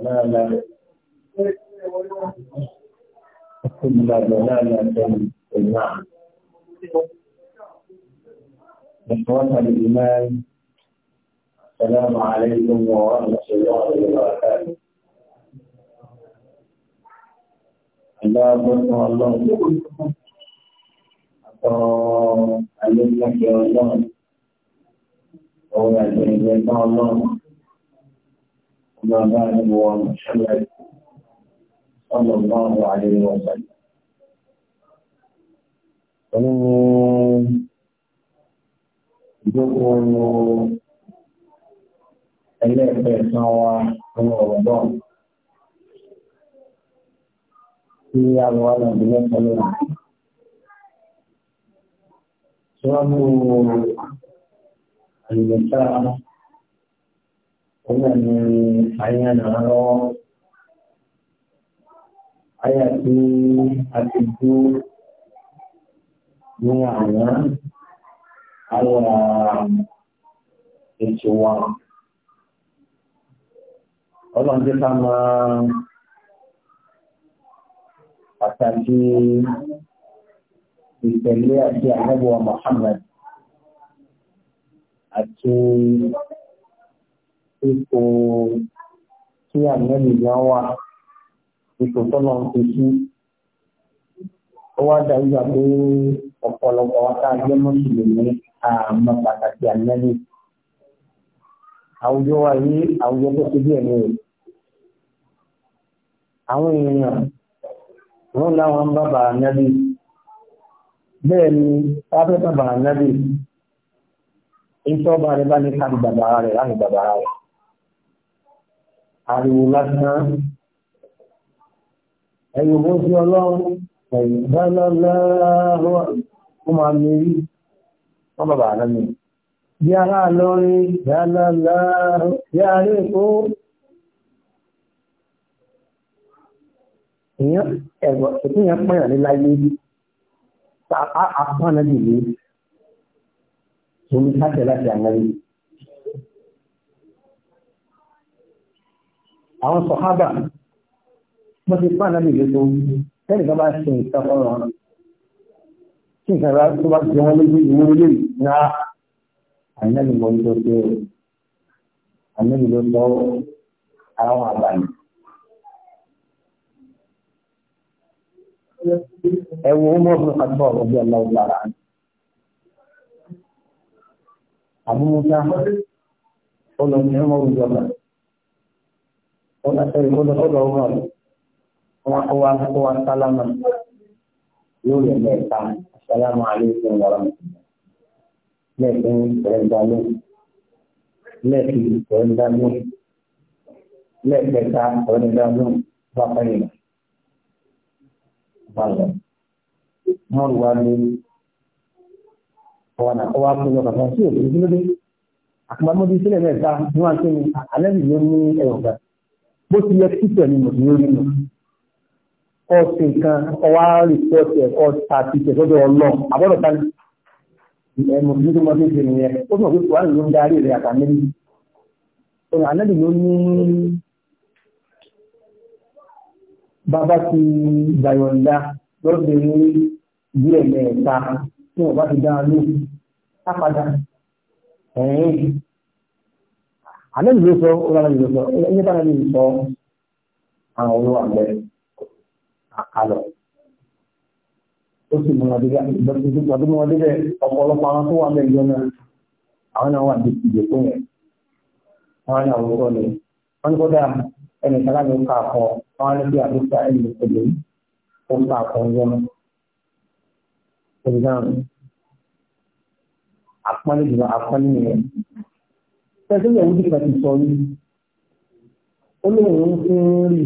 ضلالا وكل ضلالة في النار إخوة الإيمان السلام عليكم ورحمة الله وبركاته الله أكبر الله أكبر الله أكبر الله أكبر الله ومال ومحمد صلى الله عليه وسلم ومن يقول ẹlẹ́ẹ̀fẹ́ san wa ọmọ ọ̀gbọ́n tí a lọ wá náà bílẹ̀ pẹ̀lú rẹ̀. Tí wọ́n mú àlùmọ̀tá òun náà ni àyàn náà lọ́wọ́ àyà tí a ti dú ní àná àwọn ètò wa ọlọ́run tí ká máa pàtàkì ìtẹ̀lé àti àmọ́bọ̀ Muhammad àti ipò tí àmẹ́lì gan wà ipò tọ́nà ti sí ó wá dàrú gbà pé ọ̀pọ̀lọpọ̀ wa tá a jẹ́ mùsùlùmí àmọ́ pàtàkì àmẹ́lì àwùjọ wa yí àwùjọ tó ti díẹ̀ ní o àwọn èèyàn wọn láwọn ń bàbà ànábì bẹ́ẹ̀ ni tábẹ́ bàbà ànábì ìtọ́ bá rẹ bá ní ká bàbà rẹ̀ láti bàbà rẹ̀ ariwo lásán ẹ̀yìn bó sí ọlọ́run ẹ̀yìn lọ́lọ́lọ́rọ́ ó máa mérí wọ́n bàbá àná mi bí ará lọ́rin lọ́lọ́lọ́rọ́ bí ará èkó èèyàn ẹ̀gbọ́n èèyàn pẹ̀yàn ní láyé omi sáṣẹ láti àná àwọn sọ̀hábà wọ́n ti fún ànábì ìlú tó tẹ́lẹ̀ kan bá ṣe nǹkan ọ̀rọ̀ ọ̀rọ̀ tí nǹkan bá tó bá jẹ wọ́n lójú ìwé ilé ìná ànábì mọ̀ ní lọ́sẹ̀ o ànábì ló àwọn àbàyè. ẹ ó mọ̀ fún àtúbọ̀ ọ̀gbọ́n bí ọlọ́wọ́ lára ọ̀nà ẹ̀rí kó lọ sọ́dọ̀ ọmọ rẹ̀ wọn kó wa kó wa sálámà yóò yẹ mẹ́ta sálámà aléṣin wàrà lẹ́ẹ̀kí ẹ̀ẹ́dá ló lẹ́ẹ̀kí ẹ̀ẹ́dá ló lẹ́ẹ̀kẹta ẹ̀ẹ́dá ló bá fẹ́yìn balẹ̀ mọ́rù wa lé ọ̀nà kó wa kó lọ kàtà sí òkè ìdílé àkàmọ́dé sílẹ̀ mẹ́ta ní wọn kí ni alẹ́ nìyẹn ní ẹ̀rọ gbà bó ti yẹ títẹ̀ ni mùsùlùmí nù ọ̀sẹ̀ kan ọwá rìpọ́tì ọ̀tà títẹ̀ lọ́dọ̀ ọlọ́ọ̀ àbọ̀dọ̀ tani mùsùlùmí tó máa fi ṣe nìyẹn ó mọ̀ pé kùránì ló ń darí rẹ̀ àtàmílì ọ̀rọ̀ ànábì ló ní bàbá ti gbàyọ̀ǹda lọ́dọ̀ ní díẹ̀ mẹ́ta tí wọ́n bá ti dá a lóhùn á ẹ̀yìn àlejò ló sọ ó lọ́nà ìlú sọ ẹni bá lọ́nà ìlú sọ àwọn olówó àgbẹ̀ àkàlọ̀ ó sì mú wọn débẹ̀ ìgbà tó mú wọn débẹ̀ ọ̀pọ̀lọpọ̀ àwọn tó wà ni wọn ní kódà ẹnì kan láti ká àkọ wọn ní bí àdúgbò ẹnì kejì ó ká àkọ ń yọnu pẹ̀sẹ̀ ìyàwó dìgbà ti sọ ní olóòrùn fi ń rí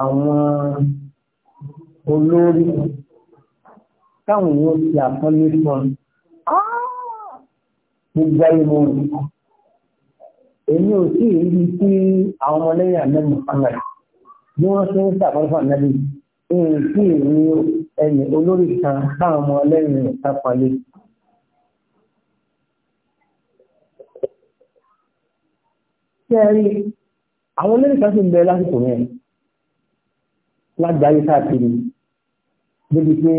àwọn olórí táwọn èèyàn ti àpọ́nlé fún ọ gbogbo ayé mọ́ èmi ò sí èyí tí àwọn ọmọlẹ́yìn àmẹ́mù Muhammad bí wọ́n ṣe ń ṣàkọ́fà nábì èyí tí èmi ẹni olórí kan táwọn ọmọlẹ́yìn rẹ̀ sápalẹ̀ kẹ́rí àwọn olóríkà sí bẹ lásìkò rẹ̀ lágbàáyé káàkiri débi pé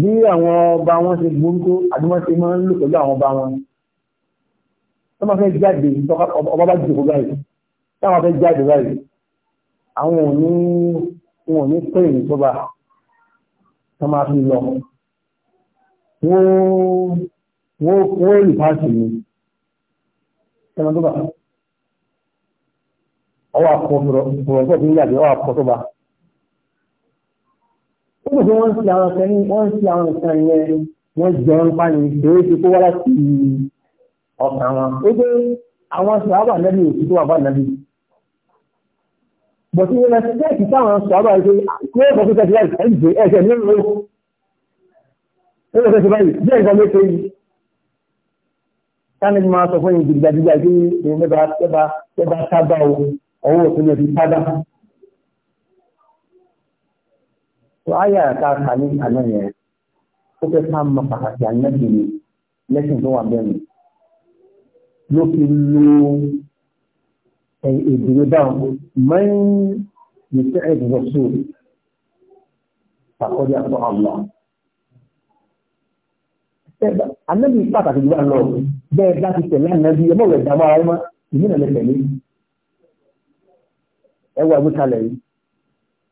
bí àwọn ọba wọn ṣe gbóńkó àdúmọ́sí máa ń lò pẹ̀lú àwọn ọba wọn tó máa fẹ́ jáde ọba bá jòkó báyìí táwọn fẹ́ jáde báyìí àwọn ò ní wọn ò ní pé ìrìn tó bá tó máa fi lọ wọ́n wọ́n ìpáàsì ni ẹran tó bá ọwọ́ àpò òròǹkọ́ tó ń yàgbé ọwọ́ àpò tó bá ó kò wọ́n sí àwọn ọ̀sẹ̀ ní wọ́n sí àwọn ọ̀sẹ̀ yẹn wọ́n jẹ́ ń pa ní ìṣeré ti kó wá láti ọ̀sán wọn ó dé àwọn sọ àbà nẹ́bí òsì tó wà bá nẹ́bí bọ̀tí ní ẹ̀sẹ̀kì táwọn sọ àbà ìṣe pé ẹ̀kọ́ tó tẹ̀síwájú ẹ̀jẹ̀ ẹ̀jẹ̀ nínú ó lọ káni máa sọ fún ìgbìgbàdìgbà tí ìrìnlẹ́bà tẹ́bà tẹ́bà tábà ọwọ́ òfin ẹ̀fí tábà. tó áyà ká kà ní àná yẹn ó fẹ́ ká mọ pàtàkì àyẹ̀kì ni lẹ́sìn tó wà bẹ́ẹ̀ ló fi lo ìdúró dáhùn mẹ́rin ní sẹ́ẹ̀dì rọ̀ṣù àkọ́jà fún àwọn. Ànábì pàtàkì jùlọ lọ bẹ́ẹ̀ bá ti tẹ̀lé ànábì ẹ mọ̀wé ìdààmú ara mọ́ ìlú náà lè tẹ̀lé. Ẹ wọ àgbékalẹ̀ yìí.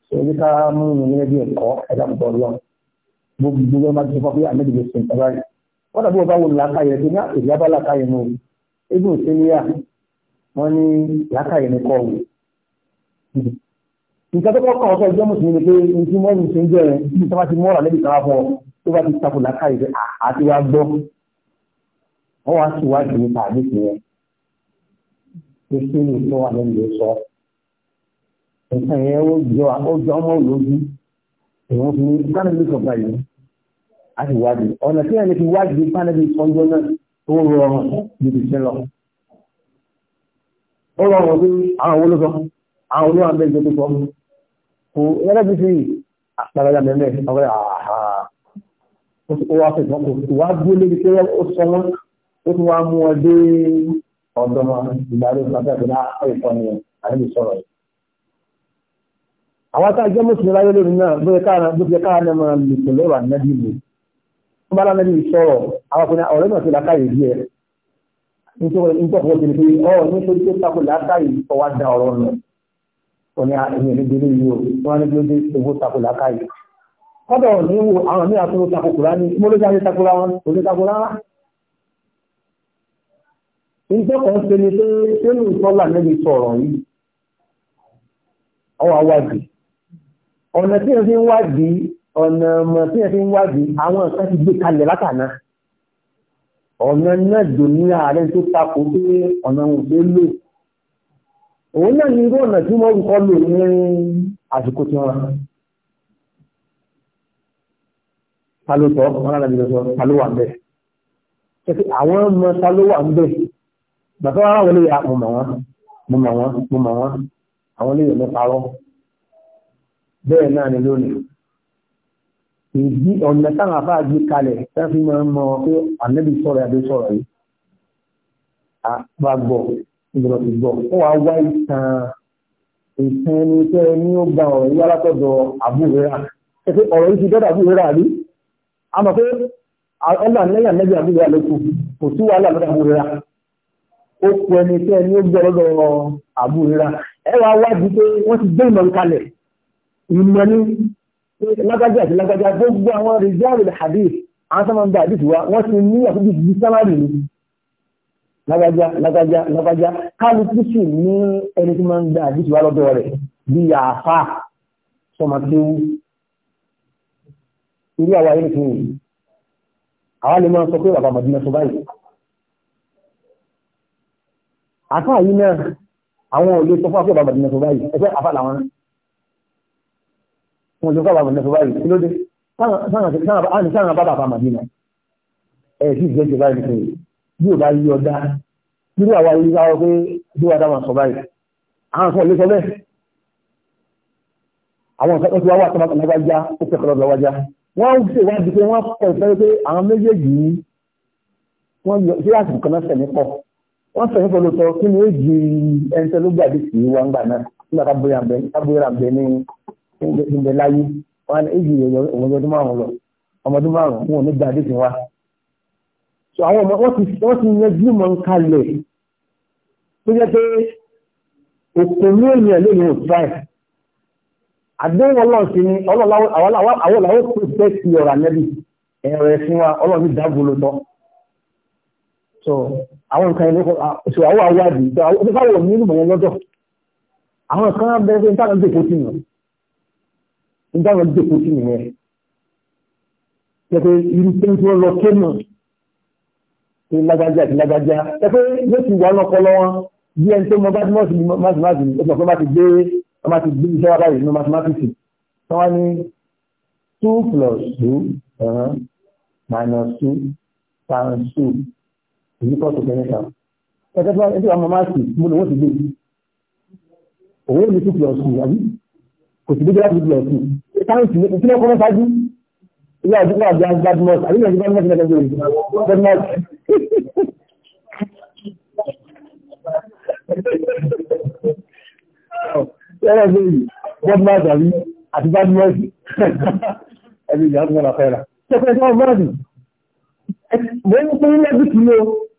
Ṣé ní ká mú mi ní ẹbí ẹ̀kọ́ ẹ̀dá mi bọ̀ lọ? Gbogbo ẹ máa ti sọ pé ànábì lè sìn ìjọba rẹ̀. Wọ́n dàbí ọba wo làákàyè tó ní èdè abá làákàyè mú o. Ebi òṣèlérà wọ́n ní làákàyè ní kọ́ wò. Nǹkan tó kọ́ kọ́ ọ̀ṣọ́ ìjọ́ mùsùlùmí ni pé ní tí wọ́n ń ṣe ń jẹ́ tó bá ti takò lákàrí pé àti ah, wá gbọ́ wọ́n wá sí wájú nípa àdéhùn yẹn tó sí ní tó wà lẹ́nu ló sọ nǹkan yẹn ó jọ ọmọ olójú èèyàn fi ní kánàbí sọ̀gbà yìí a sì wádìí ọ̀nà tí ẹni fi wádìí kánàbí sọ́jọ́ náà tó rọrùn níbi iṣẹ́ lọ. ó rọrùn pé àwọn olóso àwọn olóhàn bẹ́ẹ̀ tó sọ kò ẹlẹ́bí sí àpàlọ́jà ó wá fẹ̀ wọn kò wá gbó lébi pé ó sọ wọn ó tún wá mú wọn dé ọ̀dọ̀ wọn ìgbà ló sọ fẹ́ẹ́ náà ó ìkọ́ ni àdébí sọ̀rọ̀ yìí. àwọn tá a jẹ́ mùsùlùmí láyé lónìí náà bó ṣe káà bó ṣe káà náà máa lè tò lọ́rọ̀ ànábì mú. wọ́n bá lánàá níbi sọ̀rọ̀ àwọn ọkùnrin ọ̀rẹ́ náà ti la káyè díẹ̀ nítorí nítorí wọ́n ti rí pé ọ̀ da ọ̀rọ̀ kọ́dọ̀ ní wo àwọn mí àtúrò takòkòrá ní mọ́lójáde takòrá wọn onítakòrá ìjọ́ kan ṣe ni pé sínú ìtọ́lá níbi sọ̀rọ̀ yìí ọwà wádìí ọ̀nà tí ẹ fi ń wádìí ọ̀nà ọmọ tí ẹ fi ń wádìí àwọn nǹkan ti gbé kalẹ̀ látàná ọ̀nà náà dò ní ààrẹ tó takò pé ọ̀nà òde lò òun náà ní irú ọ̀nà tí wọ́n ń lò ní àsìkò tí wọ́n talótọ́ ọmọlára ìlọ́sọ talówà ń bẹ̀. ṣẹ́kí àwọn ọmọ talówà ń bẹ̀ bàtọ́ ara wọlé ya ah, mo mọ̀ wọ́n mo mọ̀ wọ́n mo mọ̀ wọ́n àwọn olè yẹn parọ́ bẹ́ẹ̀ náà ni lónìí. ìdí ọ̀nà táwọn afá gbé kalẹ̀ tá fi máa ń mọ pé ànábì sọ̀rọ̀ àbí sọ̀rọ̀ yìí bá gbọ́ ìgbọ̀nà ti gbọ́ ó wàá wá ìtàn ìtàn ẹni tẹ́ ẹni ó gba ọ̀rọ̀ yìí alátọ̀dọ̀ àbúrẹ́rà ẹ ọ̀rọ̀ yìí ti dọ́dọ̀ àbúrẹ́rà rí a mọ̀ pé ọlọ́run lẹ́yìn àmẹ́bí àbúrò àlékù kò sí wàhálà lọ́dọ̀ àbúrò rà ó kú ẹni tí ẹni ó gbọ́ lọ́dọ̀ àbúrò rà ẹ wá wádìí pé wọ́n ti gbé ìmọ̀ kalẹ̀ ìmọ̀ ní lágbájá àti lágbájá gbogbo àwọn rìjáàrì hadith àwọn sábà ń bá hadith wa wọ́n ti ní àkókò ìdí sámárì ni lágbájá lágbájá lágbájá kálukú sì ní ẹni tí máa ń gba hadith wa lọ́dọ̀ rẹ̀ bíi àáfà sọmọkéwu irú àwa yìí nìkan yìí àwa lè máa sọ pé bàbá Màdínà sọ báyìí àfa yìí náà àwọn ò lè sọ fún àfẹ́ bàbá Màdínà sọ báyìí ẹgbẹ́ àfa làwọn wọn sọ fún bàbá Màdínà sọ báyìí kí ló dé sáwọn bàbá àfa Màdínà ẹ̀ sì jẹ́ ìjọba ìrìnkè àwọn ìfẹ́ tó ti wá wà tó bá kàn ó kẹ́kọ̀ọ́ lọ́wọ́ wọ́n ń ṣe ìwádìí pé wọ́n kọ̀ ìfẹ́ pé àwọn méjèèjì yìí wọ́n yọ sí àsìkò kan náà sẹ̀mí pọ̀ wọ́n sẹ̀mí pọ̀ lóòótọ́ kí ni ó di ẹnṣẹ́ ló gbàdí sí wa ń gbà náà nígbà tábóyà bẹ ní ìgbẹ́ láyé wọ́n ní èjì ọmọdún márùn-ún lọ ọmọdún márùn-ún wọn ò ní gbàdí sí wa. sọ àwọn ọmọ wọn ti yanjú mọ ń tó jẹ́ pé òkú ní ènìyàn lónìí ò tíráì àdéhùn ọlọ́run sí ni àwọn làwọn kò fẹ́ sí ọ̀rọ̀ ànẹ́bí ẹ̀rọ ẹ̀sìn wa ọlọ́run dáàbò ló tọ́ so àwọn nǹkan ilé so àwọn àwádìí ìjọ àwọn onífàwọ̀ ní ìlú mọ̀yẹn lọ́jọ́ àwọn kan bẹ̀rẹ̀ pé nítawọn dèkó tì nù nítawọn dèkó tì nù yẹn jẹ́ pé irú pé tí wọ́n lọ ké nù pé lágbájá àti lágbájá jẹ́ pé yóò ti wà lọ́pọ̀lọ́ wọn bí ẹni tó mọ bá ti mọ̀ sí máàsì máàsì ó sọ pé má ti gbé wọ́n máa ti gbé iṣẹ́ wá báyìí nínú mathematics wọ́n wá ní two plus two minus two times two èyí kọ́ tó kẹ́rin kan ẹgbẹ́ tí wọ́n ti wọ́n máa sì mú lówó ti gbé òwe ní two plus two àbí kò sì gbégbé láti plus two times ní ìpínlẹ̀ kọ́mọ́ ṣáájú ilé àdúgbò àti agbádùmọ́sì àbí ìrìnàjò bá ń mọ́sí lẹ́gbẹ̀ẹ́ gbẹ̀mọ́sì Tẹ́rẹ lórí Godmas àrí àti Badmosi. Ẹbí ìyá ọdún mọ́ra fẹ́ra. Tẹ́fẹ́ sọ́ọ́ bọ́ọ̀dù. Mo ń pín lẹ́bí kí ló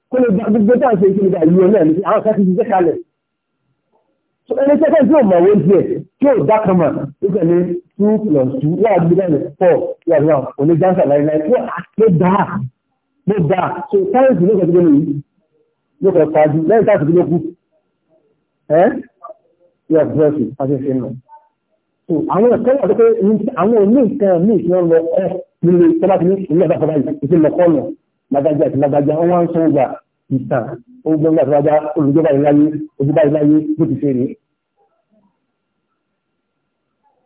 kó lè gba gbogbo tá à ń ṣe kí lè gba ìlú ọ̀nà ẹ̀mí àwọn kan ti ṣiṣẹ́ kalẹ̀. Ẹni tẹ́fẹ́ tí ò mọ̀ owó díẹ̀ tí ò dá kan mọ̀ two plus two wà á gbé lẹ́nu four wà ní àwọn òní jáǹsà láìláì wà á ló dáa ló dáa so sáyẹ̀nsì ló kọ̀ tó lóyún ló kọ̀ pàdé lẹ́yìn táàtì ló kù yóò búrọ́ọ̀sì pàṣẹṣẹ nù. àwọn ẹ̀kọ́ wà pé àwọn oní nǹkan míì tí wọ́n lọ ẹ́ nílé tọ́lá ti ní ilé ẹ̀dá fọlá ìdí lọ́kọ́nù lágbájá àti lágbájá wọ́n wá ń sọ ọgbà ìtàn ogun gbà tọ́lájá olùjọba ìláyé ojúbá ìláyé bó ti ṣe rèé.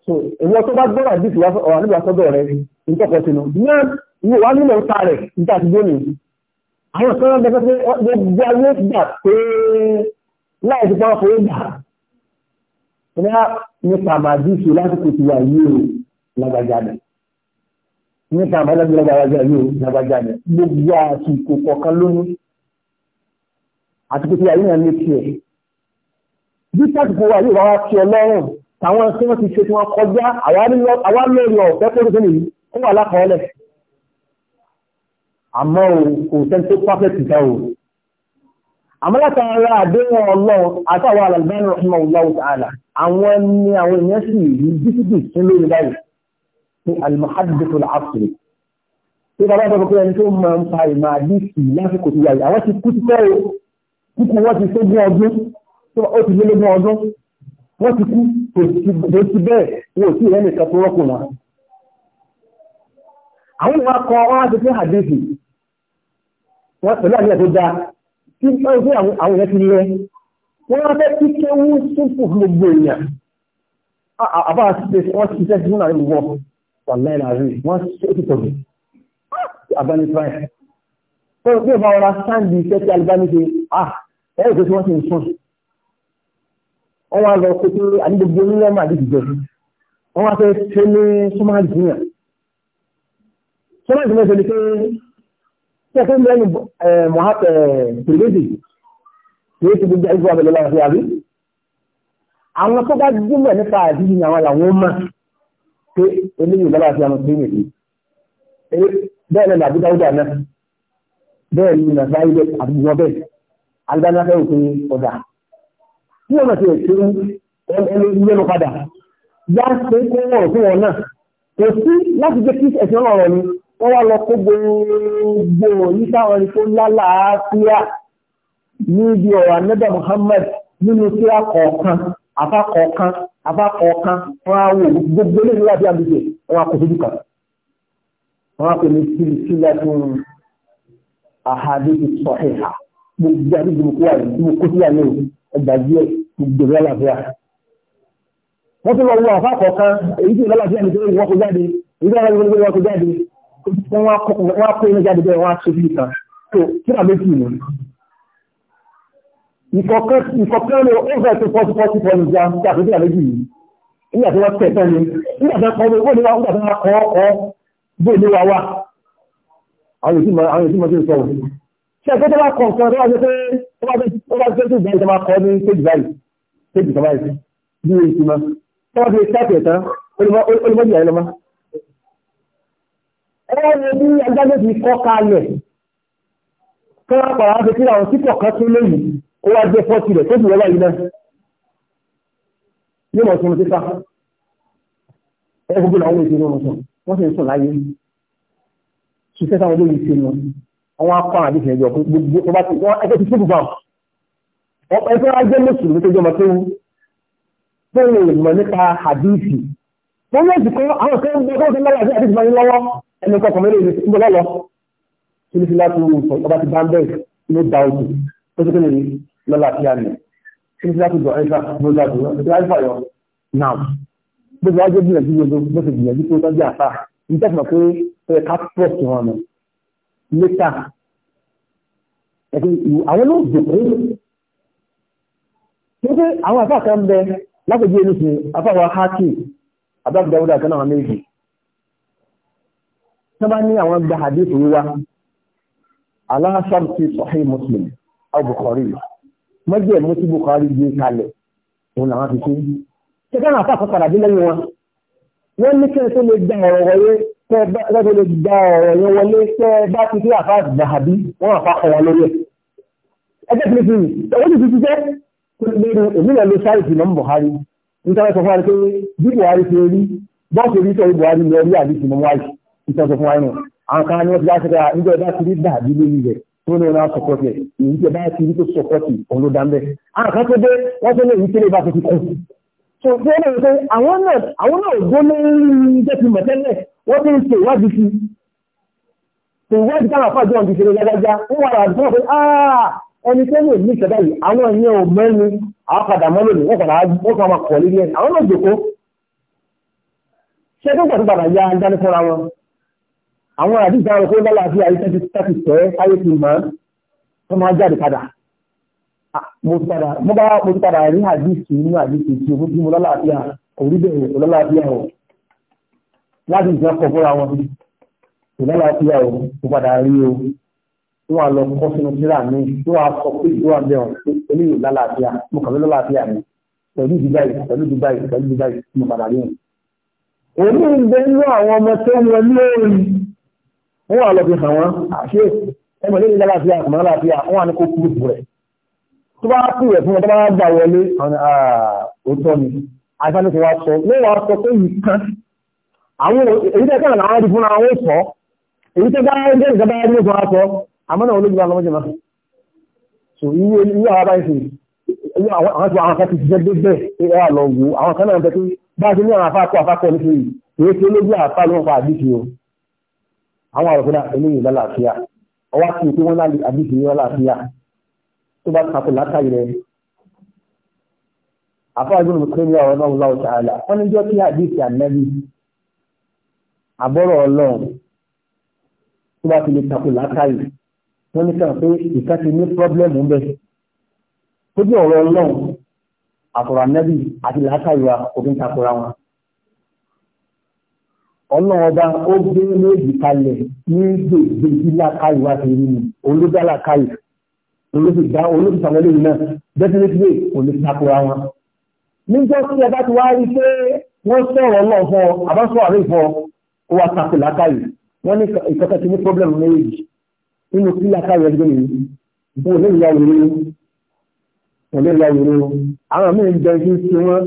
so ìwọ tó bá gbọ́dọ̀ àdìsí wá ọ̀rọ̀ nígbà sọ́dọ̀ rẹ nítọ́kọ̀ sínú náà ìwọ wá nílò ń ta rẹ̀ níta ti gbóni àwọn kan bẹ fẹ́ pé gbogbo ayé gbà pé láì ti pọ́n fowó gbà bóyá nípa màdúùsù lásìkò ti wà yìí o lágbájá rẹ̀ nípa àbájáde lágbájá rẹ̀ o lágbájá rẹ̀ gbogbo àsìkò kọ̀ọ̀kan lónìí àsìkò ti wà yìí náà ní tiẹ̀ bí sásìkò wà yìí wà wá tiẹ̀ lọ́rùn táwọn tí wọ́n ti ṣe tí wọ́n kọjá àwa lórí ọ̀fẹ́ kó lóṣèlú yìí kó wà lákọọ́lẹ̀ àmọ́ o kò sẹ́ni tó pàfẹ́ tìta o àmọ́láta ara àdéhùn ọlọ́run àtàwọn alàlùbáyìn rọ̀hìmọ̀ ọlọ́run tààlà àwọn ni àwọn èèyàn sì rí dísìdì tí ló rí báyìí ní alìmọ̀hádìdìtò àfìrí tí bàbá sọ pé ẹni tó máa ń pa ìmọ̀ àdìsì lásìkò tó yàrá àwọn ti kú ti fẹ́ o kúkú wọ́n ti ṣógun ọdún ó ti lé lógún ọdún wọ́n ti kú tó ti bẹ́ẹ̀ wọ́n ò tí nìkan tó rọ́pò náà àwọn ìwà kan wọ́n á ti fẹ́ àdìsì wọ́n pẹ̀lú àdìsì tó dáa tí wọ́n fẹ́ àwọn ẹ̀kí lẹ wọ́n wá fẹ́ kí kí wú súnfù gbogbo èèyàn àbá wọ́n ti tẹ́sí fún àrí gbogbo wà láì láàrí wọ́n ti tọ̀gbì Albani prime tó ń pè bá ọra sáǹdì iṣẹ́ tí Albani ṣe à ẹ̀rọ tó ti wọ́n ti ń sùn wọ́n wá lọ pé pé àní gbogbo onílẹ̀ máa dé ìjọ wọ́n wá fẹ́ ṣe ní sọ́máàdì níyà sọ́máàdì náà ṣe ni pé Ṣẹ́fẹ́ lẹ́nu Mùhàtẹ̀ẹ̀tìrìmẹ́sì tí ó ti gbogbo ẹgbẹ́ ọmọ ìlọ́wọ́ sí àrí. Àwọn tó bá gbúgbẹ̀ nípa àdíjì ni àwọn làwọn mọ̀ pé eléyìí lọ́wọ́ sí àwọn tí nìyí. Bẹ́ẹ̀ ni Àbúdá Ọjà náà, bẹ́ẹ̀ ni Nàìjíríà ilé àdúgbò bẹ́ẹ̀, Alibana fẹ́ òfin ọ̀dà. Tí wọ́n ti ṣe ẹni yẹnu padà, yá ṣe kó wọ̀rọ̀ fún wọn náà. Kò sí láti jẹ́ kí ẹ̀sìn ọ̀rọ̀ ni wọ́n wá lọ kó gbogbo yìí táwọn ẹni tó lálàáfíà níbi ọ̀rọ̀ anẹ́bà Muhammad nínú síra kọ̀ọ̀kan afá kọ̀ọ̀kan afá kọ̀ọ̀kan wọ́n á wò gbogbo lè ní láti àbíjẹ wọ́n á kó sójú kan wọ́n á pè ní sílẹ̀ sílẹ̀ fún àhàdéjì sọ̀hìhà gbogbo àdéjì mo kó wà mo kó sí àná ẹgbàá díẹ̀ gbogbo lálàáfíà wọ́n tún lọ wọ afá èyí tí lálàáfíà wọ́n á kó iná jáde bẹ́ẹ̀ wọ́n á ṣe bí ìtàn tó kíra méjì mú ìkọ̀kẹ́ ló ń fẹ́ tó pọ́sí pọ́sí pọ́ ní ìjà tí a fi kíra méjì yìí nígbà tí wọ́n tẹ̀ tán ni nígbà tí wọ́n kọ́ owó nígbà tí wọ́n kọ́ ọ́ bó ní wa wá àwọn èsì mọ̀ àwọn èsì mọ̀ sí sọ òun ṣe ẹgbẹ́ tó bá kọ̀ nǹkan tó bá ṣe pé tó bá ṣe tó bá ṣe tó bá kọ́ ní kéjì báyìí kéjì báyìí bí èsì mọ̀ tó bá ṣe ṣáàtì ẹ̀tàn olùmọ́jì àyẹ̀lọ́mọ́ wọ́n ní ní ẹgbẹ́ ti kọ́ kalẹ̀ kí wọ́n pàrọ̀ àwọn fẹ́kí àwọn títọ̀ kan tó lẹ́yìn kó wá jẹ́ fọ́tì rẹ̀ tó jùlọ báyìí náà yóò mọ̀ sunu títà ẹ gbogbo làwọn èdè ló ń sùn wọ́n sì ń sùn láyé ṣiṣẹ́ táwọn olóyìn ṣe nù àwọn akọ àwọn àdéhùn ẹjọ́ gbogbo ọba ti wọ́n ẹgbẹ́ ti fúnbù báwọn ẹgbẹ́ wa jẹ́ mùsùlùmí tó jọmọ tó wú tó ń mọ̀ nípa àdéhùn wọ́n yóò sì kọ́ àwọn kan ń bẹ kó ń sọ lọ́wọ́ àti àdéhùn ẹni kọ́kọ́ mẹ́rin ìlú ń bọ́ lọ́lọ́ kí ní fi láti wù sọ ọba ti bá ń bẹ́ẹ̀ ló da ojú tó tó kéde lọ́la kí á nì kí ní fi láti dọ̀ ẹ̀fà ló da ojú ẹ̀fà ẹ̀fà yọ náà gbogbo ajé gbìyànjú gbogbo bó ti gbìyànjú tó tọ́jú àfà ní tẹ́sán pé ẹ ká pọ̀ sí wọn nù létà àwọn ló dòkó tí ó pé àwọn àfà kan bẹ lápèjì ẹni sìn afáwọn hákì abábùdáwúdà kan náà méjì tó bá ní àwọn gba hadith wíwá aláṣọ́rù ti sahih muslim al-bukhari mọ́jẹ̀ mú sí bukhari gbé kalẹ̀ òun làwọn fi ṣe ṣe káwọn àfàkọ́ padà dé lẹ́yìn wọn wọ́n ní kẹ́ẹ̀ tó lè gba ọ̀rọ̀ wọlé tẹ́ bá lè gba ọ̀rọ̀ yẹn wọlé tẹ́ bá ti fi àfà dàbí wọ́n àfàkọ́ wọn lórí ẹ̀ ẹgbẹ́ fi fi owó ti fi ṣiṣẹ́ lórí èmìnà ló sáré ìfìnà buhari nítorí sọ fún wa pé bí buhari ṣe rí bọ́ọ̀sì orí sọ ìtàn sọ fún wa nù àwọn kan ní wọ́n ti dá sọ́kọ́ nígbà ìbá ti rí dàbí lórí rẹ̀ tó ní wọn á sọ̀pọ̀tì ẹ̀ èyí tí ìbá ti rí tó sọ̀pọ̀tì òun ló dá ń bẹ̀. àwọn kan tó dé wọ́n tó lè rí tẹ́lẹ̀ bá tó ti kú. so fún ẹni pé àwọn náà àwọn náà gbó lórí jẹ́ ti mọ̀tẹ́lẹ̀ wọ́n ti ń ṣe ìwádìí sí i. ṣe ìwádìí táwọn afáàjọ ọ̀hún ti ṣe lágbájá ń wà láti fún ọ pé ẹni tó lè ní ìṣẹ̀dá yìí àwọn ìyẹn ò mẹ́nu àwọn padà mọ́ àwọn àdìsá ọkọ̀ lálàáfí àyíká ti tàbí tẹ́ káyé ti mọ́ tó máa jáde padà mo ti padà rí àdìsí inú àdìsí tí o mú lálàáfí orílẹ̀ èdè lálàáfí ọ̀ láti ìjọ pọ̀ fúnra wọn kò lálàáfí ọ̀ mo padà rí o tó wà lọ kọ́ sínú síra mi tó wà sọ pé tó wà bẹ̀ ọ̀ eléyìí lálàáfí mo kàwé lálàáfí mi pẹ̀lú Dubai pẹ̀lú Dubai pẹ̀lú Dubai àwọn wọ́n wà lọ fi hàn wọ́n àṣẹ ẹmọ ilé nílá láàfíà àmọ́ láàfíà wọ́n wà ní kó kúrò fún rẹ̀ tó bá kú rẹ̀ fún wọn tó bá gbà wọlé òótọ́ ni àìsàn tó wá sọ wọ́n wá sọ pé yìí kan àwọn èyí tẹ́ kàn láwọn fúnra wọn sọ èyí tẹ́ bá ń jẹ́rìí sábà ní ìfọwọ́ sọ àmọ́ náà olóògbé alọ́mọdé máa so irú irú àwọn bá ń sè àwọn tí àwọn a ti ní àwọn àwọn àròkúnà eléyìí lálàáfíà ọwọ́ àti ìpín wọn láàrin àbíṣe yìí lálàáfíà tó bá tako látàrí rẹ àfáà ìgbóhùn mùsùlùmí ọ̀rọ̀ náà láwùjọ ta'ala wọn ní jọ kí àdìsí ànẹ́bí àbọ̀rọ̀ ọlọ́run tó bá ti lè tako látàrí wọn ní sàn pé ìka ti ní pọ́blẹ́mù ń bẹ tó bí ọ̀rọ̀ ọlọ́run àfọ̀rọ̀ ànẹ́bí àti látàrí wa kò fi ń takora wọn ọlọ́run ọba ó gbé méjì kalẹ̀ ní gbègbè ìlàkàyè wá sí rí ni olùdálàkàyè olùsìdá olùsìsàmọ́lé yìí náà definitely olùsìsàkóra wọn. níjọ́ tí ẹ bá ti wá rí pé wọ́n sọ̀rọ̀ ọlọ́run fún ọ àbáṣọ́ àárẹ̀ fún ọ ó wá tako làkàyè wọ́n ní ìkọ́kẹ́ ti ní problem méjì nínú kí làkàyè ẹgbẹ́ yìí bó o lè yà wòrò o lè yà wòrò àwọn míì ń bẹ ní ti wọn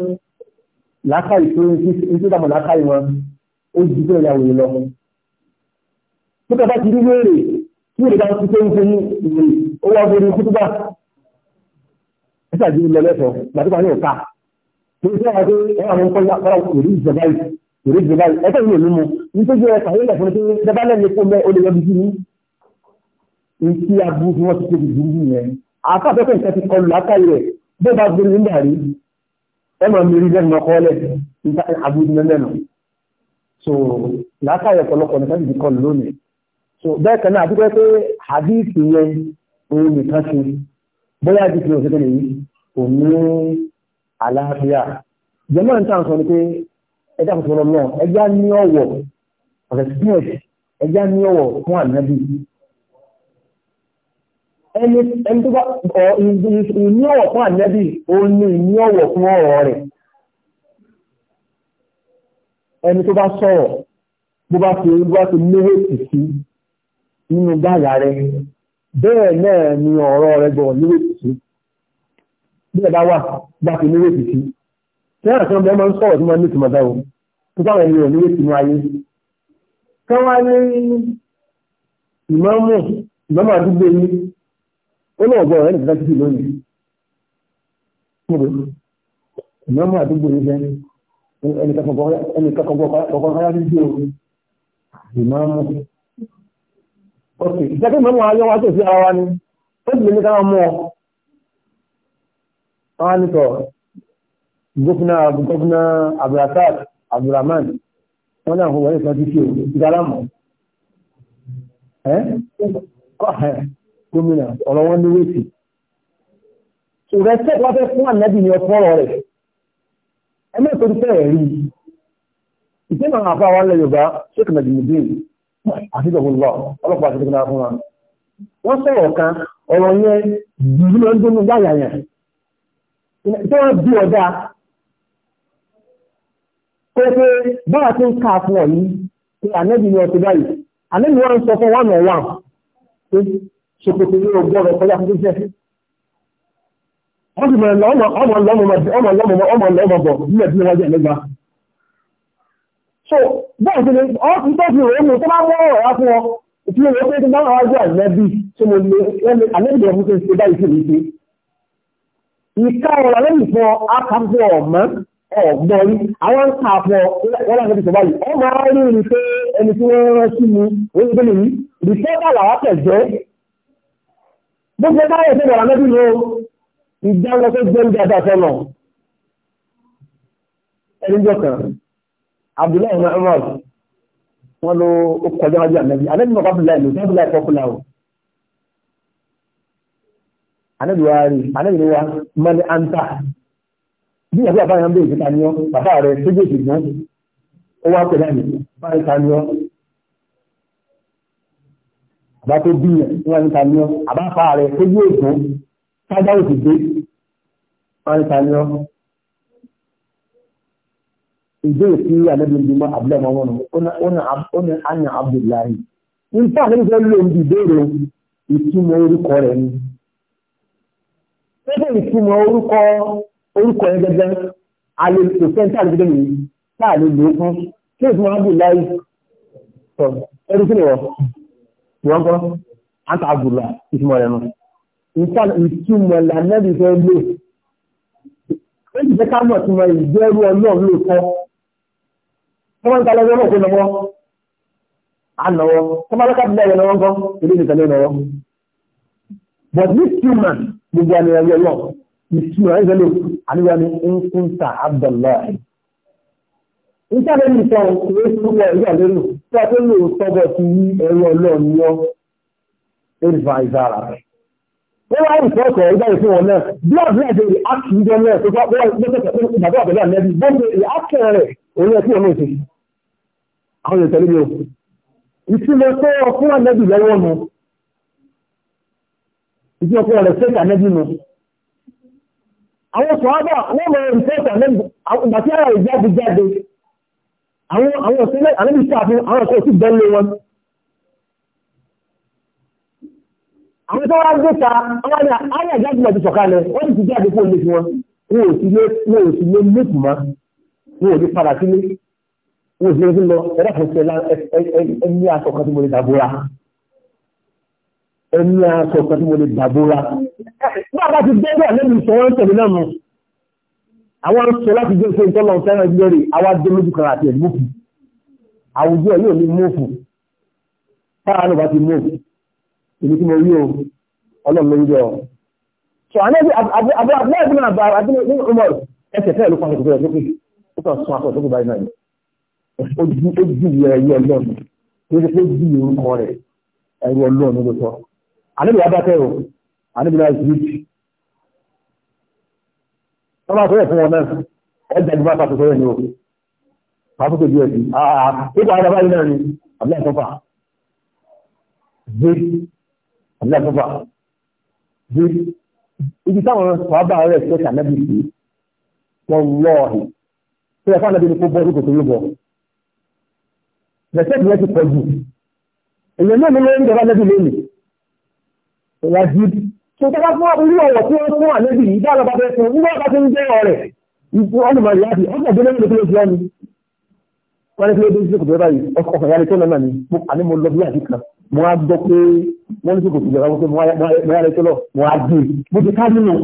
làkàyè tó ń ti dàmọ̀ làkàyè wọn ó ju bẹ́ẹ̀ ya wèrè lọ. Nígbà bá ti rí wéèrè tí wèrè bá ti tó ń fún ìwé ó wá wèrè kútúbà. Ẹ̀sà ìdílé lọ lẹ́sọ̀ọ́, gbàdúgbà yóò ká. Mo ní sọ́wọ́n pé ẹ̀rọ àwọn ọkọ̀ yàrá òrí ìjọba yìí, òrí ìjọba yìí, ẹ̀sẹ̀ yìí ò ní mu. Nítorí ẹ̀ka yóò lẹ̀fọ́n pé dábàá lẹ́nu epo mẹ́ olè lọ́bi sí ní. Ìtí aburú tí wọ́n ti tóbi jù ní yẹn. Àká àfẹ́fẹ́ nǹkan ti kọlù látàrí rẹ̀ bó so látàrí ọ̀pọ̀lọpọ̀ nìkan ti kọlù lónìí so bẹ́ẹ̀ kan náà àti pé hadith yẹn òun nìkan ṣe bóyá hadith yẹn òṣèlú yìí kò ní àlàáfíà jẹ́mọ́ ní tàn sọ ni pé ẹjá kò sọ̀rọ̀ náà ẹjá ní ọ̀wọ̀ ọ̀rẹ́ spirit ẹjá ní ọ̀wọ̀ fún ànábì ẹni tó bá ìní ọ̀wọ̀ fún ànábì ó ní ìní ọ̀wọ̀ fún ọ̀rọ̀ rẹ̀ ẹni tó bá sọ̀rọ̀ bó bá ti bó bá ti léwèsì sí nínú gbàyà rẹ bẹ́ẹ̀ náà ni ọ̀rọ̀ rẹ gbọ̀ léwèsì sí bí ẹ bá wà bá ti léwèsì sí tí wọ́n àtúnbẹ̀ máa ń sọ̀rọ̀ tí wọ́n ní ìtumọ̀ dáwọ̀ tó bá wọn ènìyàn léwèsì ní ayé kán wá ní ìmọ̀ọ́mù ìmọ̀ọ́mù àdúgbò yìí ó náà gbọ́ ọ̀rẹ́ nìkan títí lónìí ìmọ̀ọ́mù àdúgbò yìí ẹni kọkànkọ́ ọ̀yá ní jẹ́ òun ìmáàmù ọ̀sẹ̀ ìjẹ́kẹ́ mẹ́mọ́ ayọ́ wá tó sí ara wa ni ó sì lè ní káwọn mọ́ ọ wá ní sọ gófínà gófínà abdulrasaq abdulrahman wọn náà fọwọ́ ẹ̀sán títí òun ìdálámọ̀ ẹ́ gómìnà ọ̀rọ̀ wọn ní wéètì ṣùgbọ́n ẹ̀sẹ̀ wọ́n fẹ́ fún ẹmẹ́ ìpòrí fẹ́ rí ìpín àwọn àfá wa lẹ́yìn ọ̀gá ṣékì mẹ́jìmìdì àti ìdọ̀gbọ̀lọ́ ọlọ́pàá àti ìdọ̀gbọ̀lọ́ fún wa wọ́n sọ̀rọ̀ kan ọ̀rọ̀ yẹn yìí ló ń dúnú yáyà yẹn tó wọ́n bí ọ̀dá pé pé báwa ti ń ká fún ọ yìí wọ́n ti bẹ̀rẹ̀ ọmọ lọ́mọ bọ̀ nílẹ̀ tí wọ́n jẹ́ ẹ̀lẹ́gbà. so bẹ́ẹ̀ tí ọ́pùn tó fi rẹ̀ mú tó máa mọ́ ọ̀rá fún ọ tí ó wọ́n pé tí báwọn ajọ́ ẹ̀lẹ́bí tí mo lè ẹ̀lẹ́ àlẹ́bìdẹ̀ fún ṣe báyìí sí ìṣe ìka ọ̀rọ̀ lẹ́yìn fún akápọ̀ ọ̀mọ́ ọ̀gbọ́n àwọn ń kà fún wọn láti sọ báyìí ọ máa rí ni pé ẹni tí wọ́n rán sí mi orí gbé nìyí rìsẹ́tà làwọn tẹ̀ jẹ́ gbogbo ìdáwọ́ tó gbé ń dáadáa sọ́nà ẹnìjọ kan Abdullahi ibn Umar wọn ló kọjá wájú ànábi ànábi mọ̀ káfíńlá ìlú káfíńlá ìfọ́kúnlá o ànábi wa rí ànábi wa mọ́ni anta bí ìyàgbé àbá yẹn ń bèèrè síta ni ọ bàbá rẹ sójú èsì tó bí yẹn ń ta ni ọ àbá fa rẹ sójú èsì gan tájá ò sì dé wọn ta ni ọ ìdí òsì àlejò ìgbìmọ̀ abúlé ọmọ wọn ó ní àná Abdullahi nípa àwọn ìfẹ́ ló ń dìbèrè ìtumọ̀ orúkọ rẹ̀ ni pẹ́pẹ́ ìtumọ̀ orúkọ orúkọ yẹn gẹ́gẹ́ alẹ́ òṣèǹtà àgbẹ̀dẹ̀ yìí láàrin ìlú fún kí ìtumọ̀ Abdullahi sọ ẹni kí ni wọ́n wọ́n kọ́ àǹtà Abdullahi ìtumọ̀ rẹ̀ nù nǹkan ìtumọ̀ lànàbì fẹ́ lò ó sì fẹ́ ká mọ̀ tí wọ́n ìjẹ́rú ọlọ́run lóòótọ́ wọ́n máa ń talẹ́ ọlọ́run kó lọ́wọ́ ànáwọ́ wọ́n máa ń kábílẹ̀ ẹ̀yẹ lọ́wọ́ gan ilé nìkan lẹ́nu ọwọ́ but ní túmọ̀ gbogbo àmì ẹ̀yẹ lọ ìtumọ̀ ẹ̀yẹ lò àníwá ni nkúntà abdullahi nǹkan lẹ́nu ìtọ́ ìwé ìtumọ̀ ìyá lérò tí a tó lò sọ́bọ̀ ti ẹ̀rọ ọlọ́run yọ wọ́n wá ìfẹ́ ọ̀sẹ̀ ìjáde fún wọn náà bí ọ̀sẹ̀ náà ṣe rí áàkì jẹ́ náà tó wọ́n ìgbàgbọ́ àbẹ̀lẹ̀ àmẹ́bí bó ṣe rí áàkì rẹ̀ òun náà kí ọmọ ìṣe àwọn èèyàn tẹ̀lé mi o ìtumọ̀ tó ọ fún àmẹ́bí lọ́wọ́ nu ìtumọ̀ fún ọ̀rẹ́ fẹ́ẹ̀tì àmẹ́bí nu àwọn sọ̀hábà wọ́n mọ̀ ẹ̀rù fẹ́ẹ̀tì àmẹ́bí gbàtí ara ìjáde jáde àwọn ọ̀sẹ̀ àmẹ́bí àwọn tó wá gbé ta ọlọ́dà ayé àjájúmọ̀ ti sọ̀kalẹ̀ wọ́n ti jáde fún olè tiwọn wọn ò sí lé wọn ò sí lé lẹ́kùn mọ́ wọn ò ní padà sílé wọn ò sí lé sí lọ ẹ̀rọ kan ṣe ẹni aṣọ kan tí mo lè dàbóra ẹni aṣọ kan tí mo lè dàbóra bí a bá ti dé bẹ́ẹ̀ lẹ́nu ìṣọ́ wọn tẹ̀lé náà mu àwọn sọ láti gbé ìṣe ìtọ́lọ̀ fẹ́ràn ìgbẹ́rì àwọn adé lójú kan àti ẹ̀mú àwùjọ yóò ní mú fún táwọn àlọ́ bá ti mú fún ìlú tí mo rí o ọlọ́run ló ń jọ. sọ ànábi àbúrò àbúrò àbúrò àbúrò àbúrò nínú umar ẹsẹ̀ fẹ́ẹ̀ ló pàṣẹ kòtò lókè ó kàn sún akọ̀ lókè báyìí náà ni ó ju ó ju ìyẹ ẹyẹ ọlọ́run tó ṣe pé bí orúkọ rẹ̀ ẹyẹ ọlọ́run ló sọ. ànábi wàá dákẹ́ o ànábi náà zùú jù. wọ́n máa fẹ́rẹ̀ fún wọn náà ẹ̀jẹ̀ ni wọ́n pàṣẹ fẹ́rẹ̀ ni o pàṣẹ kò ju ẹ̀sìn àà ó kọ́ àdàbáyé náà ni àbúrò àtọ́fà àbílágbọ́gbà bí ibi táwọn sọ́ọ́bà rẹ̀ ṣe ṣàmẹ́bí sí wọn lọ́ọ̀hìn tó yẹ fáwọn ẹbí ni kó bọ́ ìkòtò yóò bọ̀ rẹ̀ṣẹ́tì yẹn ti pọ̀ jù èèyàn náà ló ń jọba lẹ́bí lónìí ìyá jí tó tọ́ka fún orí ọ̀wọ̀ tí wọ́n fún àlẹ́bí yìí bá lọ́ba bẹ́ẹ̀ fún nígbà bá ti ń jẹ́ ọ̀rẹ́ ìfún ọ̀nàmọ̀ ìyá bí ọ̀pọ̀ gbé lẹ́yìn lókè lójú ọ̀nì wọ́n ní kí ló dé sí ìkòtò yóò báyìí ọkọ̀ mo á gbọ́ pé wọ́n ní kò tìjọba wọ́n pé mo á rẹ tọ́lọ̀ mo á dì mo ti ká nínú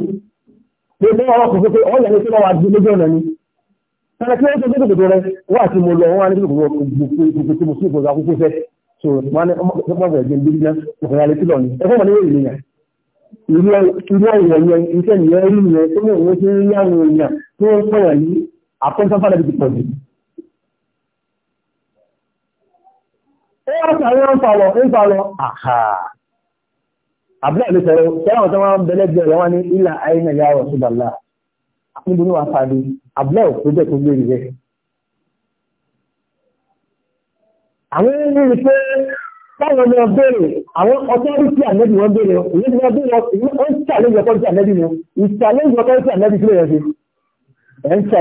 pé mo wá kò pé ọ̀yà ní tọ́lọ̀ wa dì lójú ọ̀nà ni ẹ̀rẹ́ tí wọ́n tó gbẹ́dọ̀ gbẹ́dọ̀ rẹ wọ́n àti mo lọ wọ́n á ní kò gbogbo tí mo sí ìfọ̀sọ̀ akókó fẹ́ so wọ́n á ní ọmọ ọ̀gbẹ̀ ẹ̀jẹ̀ níbi náà ìfọ̀sọ̀ alẹ́ tọ́lọ̀ ni ẹ̀fọ́ mọ̀ níwèé ìlẹ̀yà irú ìwọ̀ yẹn iṣẹ́ nìyẹn rí nìyẹn tó mọ̀ wọ́n ti rí àwọn èèyàn tó ń pọ̀ wọ̀nyí àpọ́ńtánfàlẹ́ ti pọ̀ jù látàrí ń falọ̀ ń falọ̀ àhà àbúrò àbí sọ̀rọ̀ sẹ́wọ̀n tó máa ń bẹ̀lẹ̀ bí ọ̀rọ̀ wọn ní ilà ayé ya Rasulullah níbo ni wàá pàdé àbúrò òkú jẹ́ tó gbé rẹ̀ àwọn ènìyàn rí pé táwọn ọmọ béèrè àwọn ọtọ́rìtì ànẹ́bì wọn béèrè èyí ni wọ́n béèrè ó ń ṣàlẹ́jì ọtọ́rìtì ànẹ́bì ni ìṣàlẹ́jì ọtọ́rìtì ànẹ́bì sílẹ̀ yẹn ṣe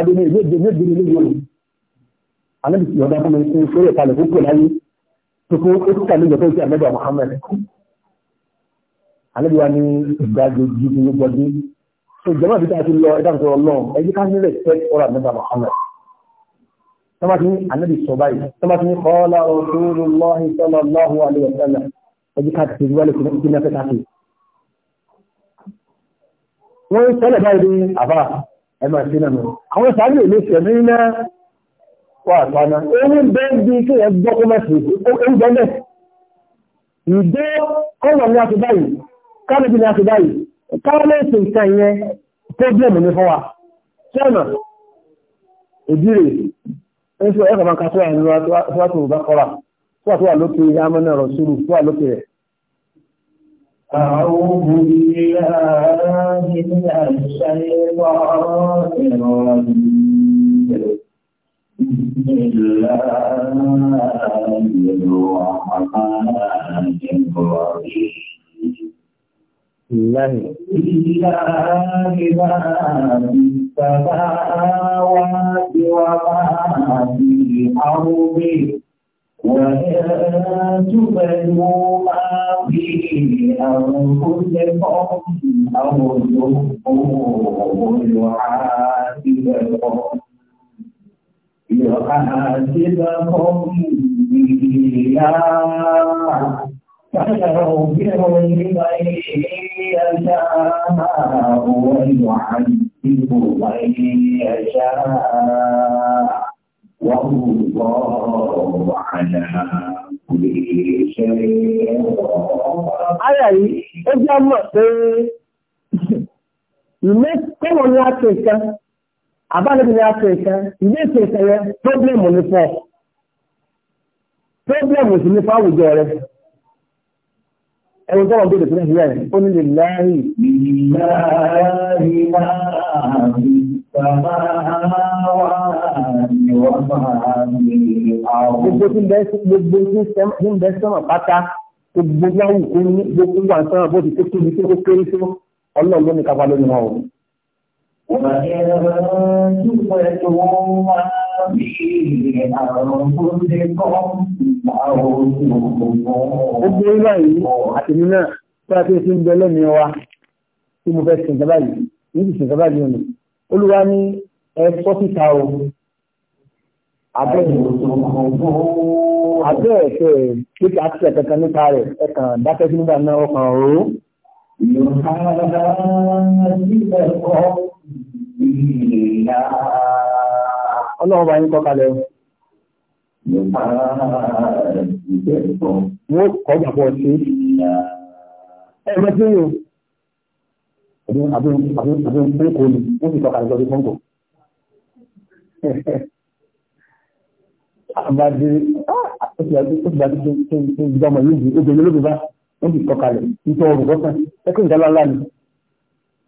ẹ̀ ń ìlú ìdílé anábì tí ọ̀dá fọmọ ikú sórí ẹ̀ka lẹ̀kú pè láyé tuntun ó tún kàlí ìjọba ìṣe ànábì Muhammad anábì wa ní ìgbà gbogbo ní gbọdí so ìjọba àti táàtì lọ ẹ̀dá nǹkan ọlọ́run ẹ̀yí ká nílẹ̀ tẹ́ ọ̀rọ̀ ànábì Muhammad tọ́mà ti ní anábì sọ báyìí tọ́mà ti ní kọ́lá Rasulullahi sallallahu alaihi wa sallam ẹ̀yí ká ti wálé kí ní afẹ́ káàkiri wọ́n ń sọ́lẹ̀ báyìí àbá ẹ̀ máa ṣe náà wà tánà orí bẹ́ẹ̀ bí kí ẹ gbọ́ kọ́mẹ́sì oúnjẹ bẹ́ẹ̀ ìgbé kọ́lọ̀ ní aṣọ báyìí kálẹ̀bí ní aṣọ báyìí kálẹ̀sì nǹkan yẹn pọ́blẹ̀mù ní fún wa ṣẹ́nà ìdíre ń sọ ẹ̀kọ̀ máa kásọ́ àìní wa tó bá kọ́ra tó wà tó wà lókè amọ́nà ọ̀rọ̀ sùúrù tó wà lókè rẹ̀. أعوذ بالله من الشيطان الرجيم الله السماوات وما في الأرض وإن تبدوا ما في أنفسكم أو تخفوه يعلم وعاتبهم إياه فيغفر لمن يشاء ويعذب من يشاء والله على Ara yìí, ó jẹ́ mọ̀ pé ìmẹ́kọ̀ọ́ láti kan àbánibi ni a ṣe ìkan ìdí ìṣe ìṣe yẹn pọ́blẹ́mù ní fọ́ pọ́blẹ́mù sì ní fáwùjọ rẹ ẹ̀rù tọ́wọ́ bí ìdìbò nàìjíríà rẹ̀ ó nílé láàyè. ìlàrí máa ń sàmà wà ní wọ́n máa ń gbé àwọn. gbogbo tí ń bẹ sọ́mọ̀ pátá gbogbo yahoo kó ní gbogbo wà sọ́mọ̀ bó ti tó tóbi tó kéré tó ọlọ́ọ̀lọ́ ní kápá lórí wọn o. وإن تفتوا في أنفسكم أو Gbogbo ilé yìí àti ní náà tí a fi ń bẹ lẹ́nu wa tí mo fẹ́ ṣe yìí, yìí ṣe yìí ọ̀nà. Olúwa ní ẹ síta o. Abẹ́ abẹ́ ẹ̀fẹ́ pé kí nípa rẹ̀ ẹ̀kàn dákẹ́ nígbà náà ọkàn òru. Yorùbá Ọlọ́run bá yín kọ́ kalẹ̀ o. Wọ́n kọ́ gbàgbọ́ sí. Ẹgbẹ́ tí yóò. Ẹbí àbí àbí àbí Fúnkò ni wọ́n sì tọ́ka lọ́dún Fúnkò. Àbájé ó ti bá ti tó ìjọmọ̀ yìí obìnrin ló bí bá wọ́n sì tọ́ka lẹ̀ nítorí olùkọ́sán. Ẹkùn ìdálálá ni.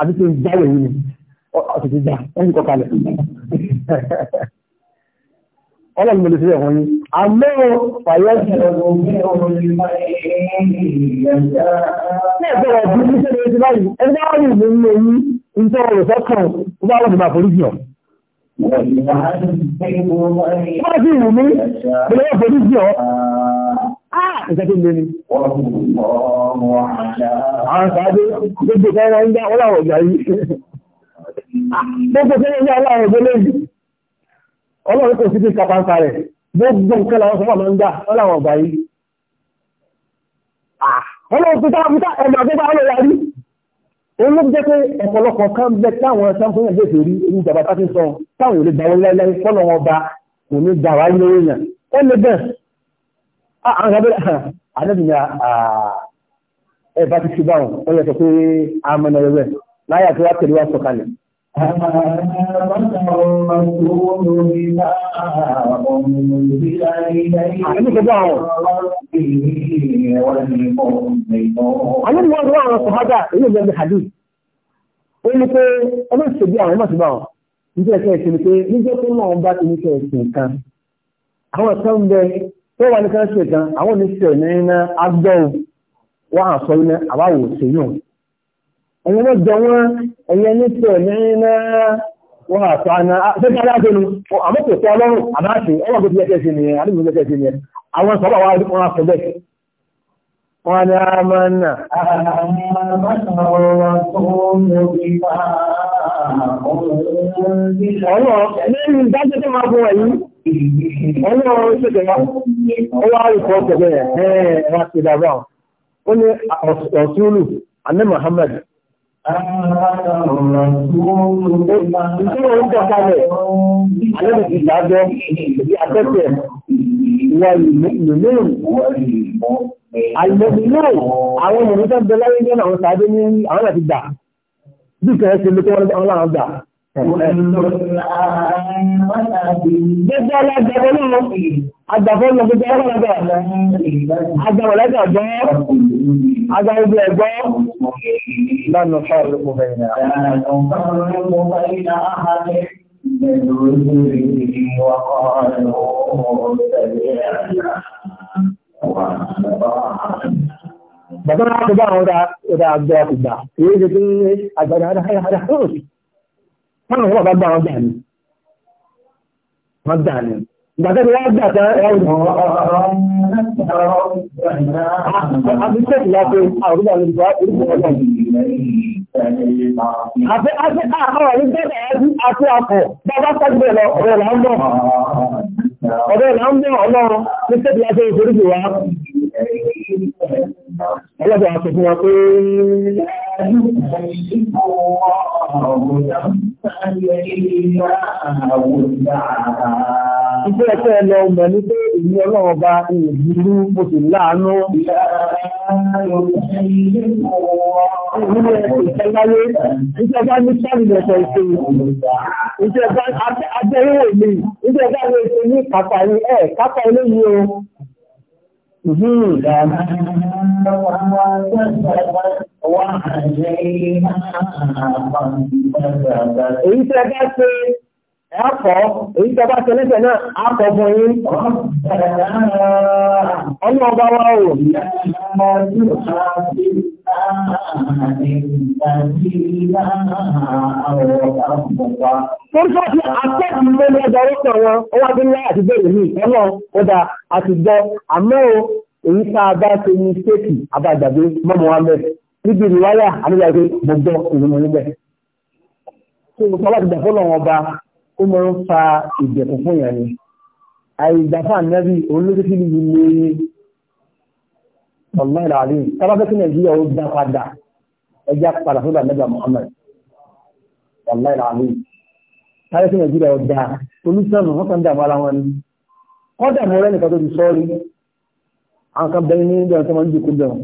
àti tó jáwé yìí ni ọ̀sẹ̀ ti já wọ́n ti kọkalẹ̀ ọlọ́run mo lè fi ẹ̀wọ̀n yìí àmọ́ fàyọ́ sí ọ̀rọ̀ bí ọ̀rọ̀ lè máa ẹ̀yìn ìyànjá Wọ́n ti wù mí, bí wọ́n forí jọ, nǹkan Ọlọ́run kò sí ti kàpáǹkà rẹ̀. Gbogbo nǹkan làwọn sọ́mọ̀ máa ń dá ọláwọ̀ ọ̀gbà Ọlọ́run tó táwọn ẹ̀mà tó bá ọlọ́run Òun ló jẹ́ pé ọ̀pọ̀lọpọ̀ kan bẹ táwọn sáńkó lè gbà àwọn ìyàbẹ̀rẹ̀ àdẹ́bìnrin ẹ̀bá ti ṣe báwọn wọ́n yẹ sọ pé a mọ̀nà rẹ̀ láyà tó wá tẹ̀lé wá sọ̀kalẹ̀. Àwọn ìwọ̀n ìwọ̀n àwọn sọ̀hádà èyí ìgbẹ́ mi hadith. Ó ní pé ọmọ ìṣèlú àwọn ọmọ ìṣèlú àwọn nígbà ẹ̀kẹ́ ìṣèlú pé nígbà tó náà bá ti ní kẹ́ ẹ̀sìn kan. Àwọn ìṣẹ́ ń bẹ tó wà ní kan ṣe gan àwọn oníṣẹ́ ní iná agbọ́ wọn àṣọ iná àbáwò ṣe yàn ẹ̀yẹ náà jọ wọn ẹ̀yẹ níṣẹ́ ní iná wọn àṣọ àná ṣẹ́gbẹ́ aláṣẹ ni àmọ́ kò sọ ọlọ́run àbáṣe ọwọ́ kò fi ẹ̀kẹ́ sí nìyẹn àdúgbò kẹ́kẹ́ sí nìyẹn àwọn sọ́bà wa wọn àṣọ bẹ́ẹ̀ wọn ni a máa ń nà. ọ̀rọ̀ lẹ́yìn ìdájọ́ tó máa bọ̀ wọ̀nyí. Ọlọ́run ṣẹ̀dẹ̀yà, ó wá ìfọ́ ọ̀tẹ̀bẹ̀ ẹ̀ẹ́ wá ti dàbà. Ó ní ọ̀túnlù, Anẹ́ Muhammad. Ìṣúná ń dọ̀ kalẹ̀, alẹ́ ti dájọ́, ìdí akẹ́kẹ̀ẹ́, ìwà ìlúmíràn. Àìmọ̀míràn, àwọn ènìyàn tó ń bẹ láyé ní àwọn sàádé ní àwọn àti gbà. Bí kẹ̀ẹ́ ṣe lókè wọn láwọn gbà. Gbẹ́gbẹ́ alágbẹ̀rẹ̀ náà, àgbàfẹ́ lọ gbogbo ọlọ́gbẹ̀, àgbàwọ̀lẹ́gbẹ̀ ọ̀gbọ́, àgbàwọ̀lẹ́gbẹ̀ ẹ̀gbọ́, lánàá fáwọn olóko bẹ̀rẹ̀ náà. Bàbá náà ti bá àwọn ọ̀dà àgbẹ̀ àtìgbà, èyí ti fi àgbàdà àdáhàdà wọ́n náà gbà wọ́n gbà ní wọ́n gbà ní ìgbàtẹ́ wọ́n gbà tẹ́ ẹ̀rọ àbíkẹ́kì láti àrùbà ọlọ́run ní sẹ́kì láti ìforíjì wa ọlọ́dọ̀ àṣọ fún wa pé يكلف الله نفسا إلا ní pé ìní ọlọ́run bá ìrìnlú mo sì láàánú. Ìrìnlú ní sọ́rìnlẹ̀ṣẹ̀ ìṣẹ́ iṣẹ́ abẹ́rẹ́wò mi, iṣẹ́ bá lè ní kàkà ní ẹ̀ kàkà ilé yìí o. Ìhìn ìdáná èyí tí a bá ṣe ẹ̀kọ́ èyí tí a bá ṣe lẹ́sẹ̀ náà á kọ́ fún yín ọmọ ọba wa o Fọ́nṣọ́ ti akẹ́kọ̀ọ́ lórí ọjọ́ orúkọ wọn, ó wá bí àti bẹ́ẹ̀ ní ìtọ́nà ọdá àti jọ àmọ́ èyí tá a bá ṣe ní ṣéèkì àbájáde mọ́ Mohammed níbi ìrìwáyà àníyà pé mo gbọ́ ìrìnà níbẹ̀. Ṣé o sọ láti dàfọ́ lọ́wọ́ ọba ó mọ ń fa ìdẹ̀kùn fún ìyàn ni? Àìdàfọ́ ànábì olóṣèlú yìí lè ọ̀gbọ́n ìlàlẹ́ yìí. Tábà fẹ́ kí Nàìjíríà ó dá padà ẹja padà sódà nẹ́bà Muhammad. Ọ̀gbọ́n ìlàlẹ́ yìí. Tábà fẹ́ kí Nàìjíríà ó dá olùsọ̀nù wọ́n kàn dààmú ara wọn ni. Kọ́dà mo rẹ́ nìkan tó ti sọ́ọ́rí. Àwọn kan bẹ́ẹ̀ ní ìjọba tó máa ń jòkó bẹ̀rù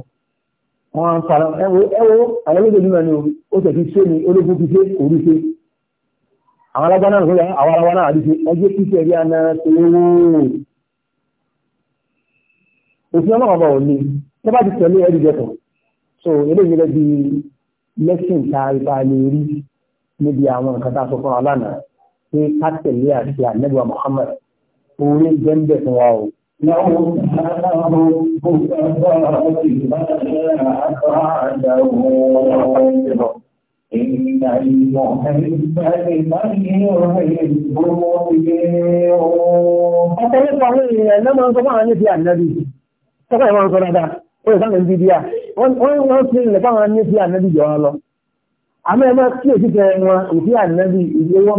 wọ́n fara ẹwọ́ ẹwọ́ àwọn olóògbé náà ni ó tẹ̀ fi ṣé ni olóògùn fi ṣe orí ṣe àwọn alágbá náà lórí àwọn aláwá náà àdíṣe ẹgbẹ́ títẹ̀ rí aná tó wó òfin ọlọ́run ọba ò ní tó bá ti tẹ̀lé ẹ̀rí jẹ́tọ̀ so eléyìí lẹ́bi lẹ́sìn ta ipa lè rí níbi àwọn nǹkan tá a sọ fún wa lánàá pé ká tẹ̀lé àti ànẹ́gbà Muhammad orí jẹ́ ń bẹ̀ fún wa o لو كان ربك فاضلا فاعله إن المحب لمن يحبه ọ̀pọ̀lọpọ̀ àwọn èèyàn náà máa ń sọpá àwọn nífẹ́ ànábì tọ́pọ̀ ìwọ̀n sọ dáadáa ó lè sáàmì bí díà wọ́n tí ilẹ̀ fáwọn nífẹ́ ànábì jọ wọn lọ àmọ́ ẹgbẹ́ kí èsì wọn ìfẹ́ ànábì ìwé wọn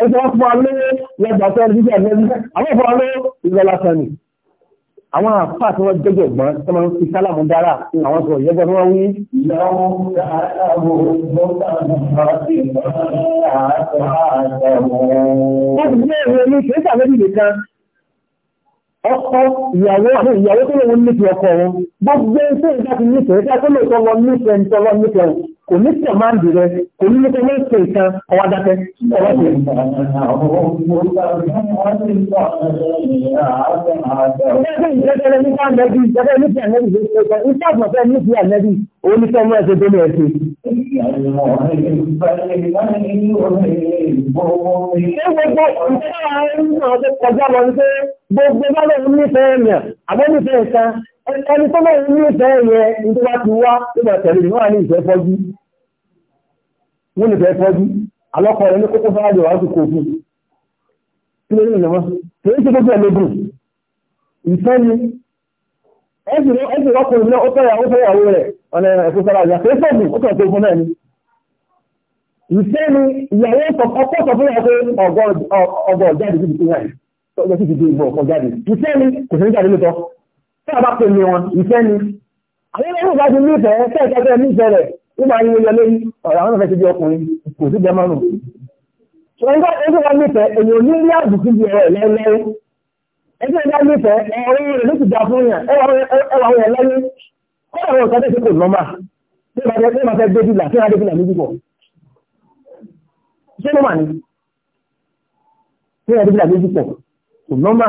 Ẹjọ́ fún alé lẹ́gbàtọ́ ìdíjẹ́ ẹ̀lẹ́gbẹ́, àwọn fún alé ìrọ̀lásán ni. Àwọn àpá tí wọ́n jẹ́jẹ̀ gbọ́n tó máa ń fi sálàmù dára àwọn sọ ìyẹ́gbẹ́ tó wọ́n wí. Ìyàwó àtàwò bọ́ta nípa sí àtàwò. Ó ti gbé èrè ní ìyàwó àwọn tó wọ́n nífẹ̀ẹ́ ọkọ kò ní sí ọmọ àǹdì rẹ kò ní ní kẹ́lẹ́ ìpè ìtàn ọwọ́ adáfẹ́ ọwọ́ ìpè. Ẹgbẹ́ ìjẹ́jẹ́rẹ́ nípa ànẹ́bí ìjẹ́jẹ́ nípa ànẹ́bí ló ṣe kan iṣẹ́ àgbọ̀fẹ́ nípa ànẹ́bí òun ní sọ́mọ́ ẹ̀ṣẹ̀ tó ní ẹ̀ṣẹ̀. Ṣé gbogbo ìṣẹ́ àwọn ọ̀dọ́ kọjá lọ sí gbogbo bá lóun nífẹ̀ẹ́ ẹni tó lọ ní ìfẹ́ yẹ ní tó bá ti wá tó bá tẹ̀lé ní wọ́n ní ìfẹ́ fọ́jú wọ́n ní ìfẹ́ fọ́jú alọ́kọ̀ rẹ̀ ní kókó fara jọ wáṣù kò fún kí ní ìnáwó kì í ṣe gbogbo ẹ̀lẹ́gùn ìfẹ́ ni ẹ̀sìn ọkùnrin ó fẹ́ yàwó rẹ̀ ọ̀nà ẹ̀kọ́ tí a bá pè mí wọn ìfẹ́ ni àwọn ẹgbẹ́ ìgbà ti nífẹ̀ẹ́ tẹ́ ìkẹ́kẹ́ nífẹ̀ẹ́ rẹ̀ ó máa ń yọ lórí ọ̀rọ̀ àwọn ìfẹ́ ti di ọkùnrin kò sí jẹ márùn ṣùgbọ́n ẹgbẹ́ wa nífẹ̀ẹ́ èèyàn ní rí àbùkù bí ọ̀rọ̀ lẹ́lẹ́rú ẹgbẹ́ wa nífẹ̀ẹ́ ẹ̀rọ rẹ̀ ló ti dà fún yàn ẹwà wọn lẹ́lẹ́rú kọ́ àwọn ọ̀sán tẹ̀sí kò lọ́mà tí wọ́n fẹ́ dé bílà tí wọ́n dé bílà méjì pọ̀ ṣé lọ́mà ni tí wọ́n dé bílà méjì pọ̀ kò lọ́mà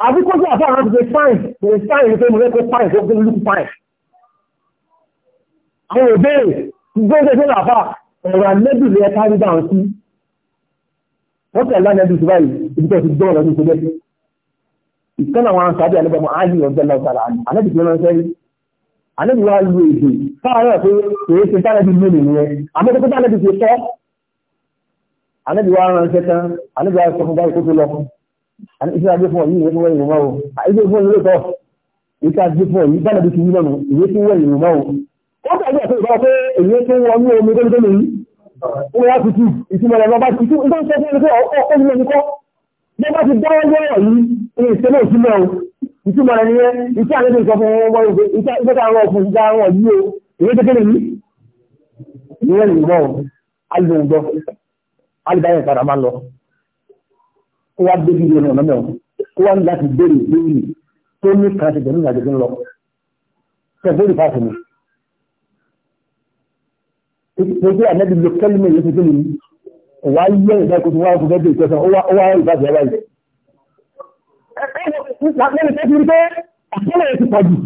Àbí kó sí àfá àwọn ti ṣe fine, the fine ní pé mo rẹ́kọ́ fine tó gbé lókù fine. Àwọn òbéèrè tí gbé ṣe ṣe àfá ẹ̀rọ anẹ́bì lè ẹta rí dáhùn sí. Wọ́n tẹ̀ lánẹ́bì sí báyìí, ibi tẹ́ ti gbọ́ọ̀rọ̀ ní ìṣẹ́lẹ̀. Ìkánà wọn sàábì àlẹ́bàmọ́ àlejò wa lu èdè káàárọ̀ pé kìí ṣe tálẹ́bí mélòó ni ẹ àmọ́ tó tálẹ́bí ti sọ àlejò wa ránṣẹ́ tán àlejò wa sọ fún báyìí kó tó lọ iṣẹ́ ajé fún ọ̀yí ìwé fún wẹ́yìn ìwọ̀n o iṣẹ́ fún ilé tọ́ iṣẹ́ ajé fún ọ̀yí tálẹ́bí ti yí lọ́nu ìwé fún o ó ìtumọ̀ rẹ̀ nìyẹn iṣẹ́ àlejò sọ fún wọn wọ́n ìgbé iṣẹ́ àwọn ọkùnrin ìgbà àwọn yìí o ìwé kékeré yìí ìwé ìgbọ́ alùpùpù alùbáyẹ̀ padà máa lọ kó wá débi ìlú ọ̀nà mẹ́wọ̀n kó wá ní láti béèrè lórí tó ní kan ṣe pẹ̀lú ìrìnàjò lọ tẹ̀gbọ́n ìfà sí mi. Ìpèsè àmẹ́bí lo kẹ́lí mi yóò fi kí mi wá yẹ ìdákòtò wá fún bẹ́ẹ̀ lápẹ́lẹ̀ tó ti rí pé àkílẹ̀ ti pọ̀jù.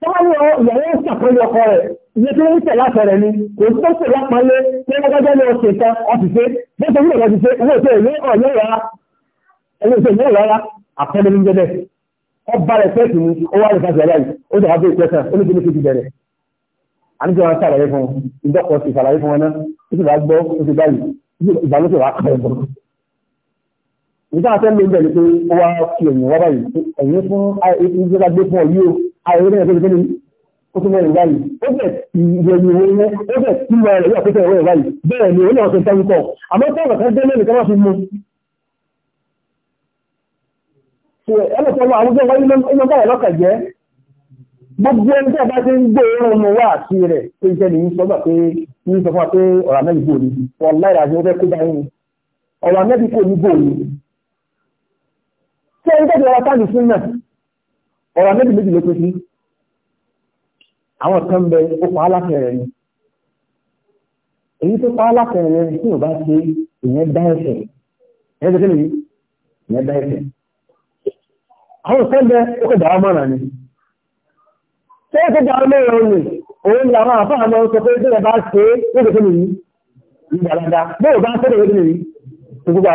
Tọ́wọ́n ní ìyàwó ń sàkóyọ ọkọ rẹ̀, iye tó ń tẹ̀ láti rẹ̀ ni, kò tó tẹ̀ lápalé tí wọ́n gbọ́dọ̀ lọ ṣe tán ọ̀fìfẹ́, bó ṣe wúlò lọ́ti ṣe owó ìṣe ìlú ọ̀yọ́ ìrara, ẹni ìṣe ìlú ìrara, àpẹẹrẹ ní jẹ́bẹ̀. Ọ bá rẹ̀ fẹ́ẹ̀tì ni, ó wá nìkan ṣẹlẹ̀ yìí, ó dàgbà bí ìpẹ́sàn, ó ní kí ní kí ti bẹ̀rẹ̀. Àníjọ wọn sàlàyé fún wọn, ìdọ́kọ̀ sì sàlàyé fún wọn náà, ó sì bá gbọ́, ó sì báyìí, ìbálòpọ̀ wà á kọ̀ ẹ̀gbọ́n nígbà tó ń lè bẹ̀rẹ̀ pé ó wá fi ẹ̀yìn wá báyìí ẹ̀yìn fún ìjọba gbé fún ọ yìí o ayẹyẹ náà tó ń ó tún mẹ́rin báyìí ó bẹ̀ tí ìyẹ̀yìn ìwé yẹn ó bẹ̀ tí ìwà rẹ̀ yóò pèsè ìwé báyìí bẹ́ẹ̀ ni òun náà ṣe ń tẹ́wọ́ kọ́ àmọ́ tó ọ̀gá kan dé lẹ́nu kan fi mú. ṣe ẹlẹ́sọ̀ lọ àwùjọ wáyé iná báyìí lọ́kà jẹ́ gbogbo ẹni tí a bá ti ń gbé irun mu wá àti rẹ̀ pé iṣẹ́ ni sọ gbà pé ní sọ fún wa pé ọ̀rọ̀ amẹ́bí kò ní bò ní ọ̀rọ̀ amẹ́bí kò ní bò ní tí ẹni tẹ́tẹ̀ ọ̀rọ̀ táàdì fún náà ọ̀rọ̀ méjì méjì ló pín sí àwọn kan bẹ ó pa aláfẹ́ rẹ̀ ni èyí tó pa aláfẹ́ rẹ̀ ni tí ò bá ṣe ìyẹn dá ẹ̀fẹ̀ ẹ̀yẹ́ tó kéde ìyẹn dá ẹ̀fẹ̀ àwọn kan bẹ ó kẹ́ dàá mọ́ra ni tí ó kẹ́ dàá mọ́ra ni òun làwọn àfáà máa ń sọ pé tí ẹ bá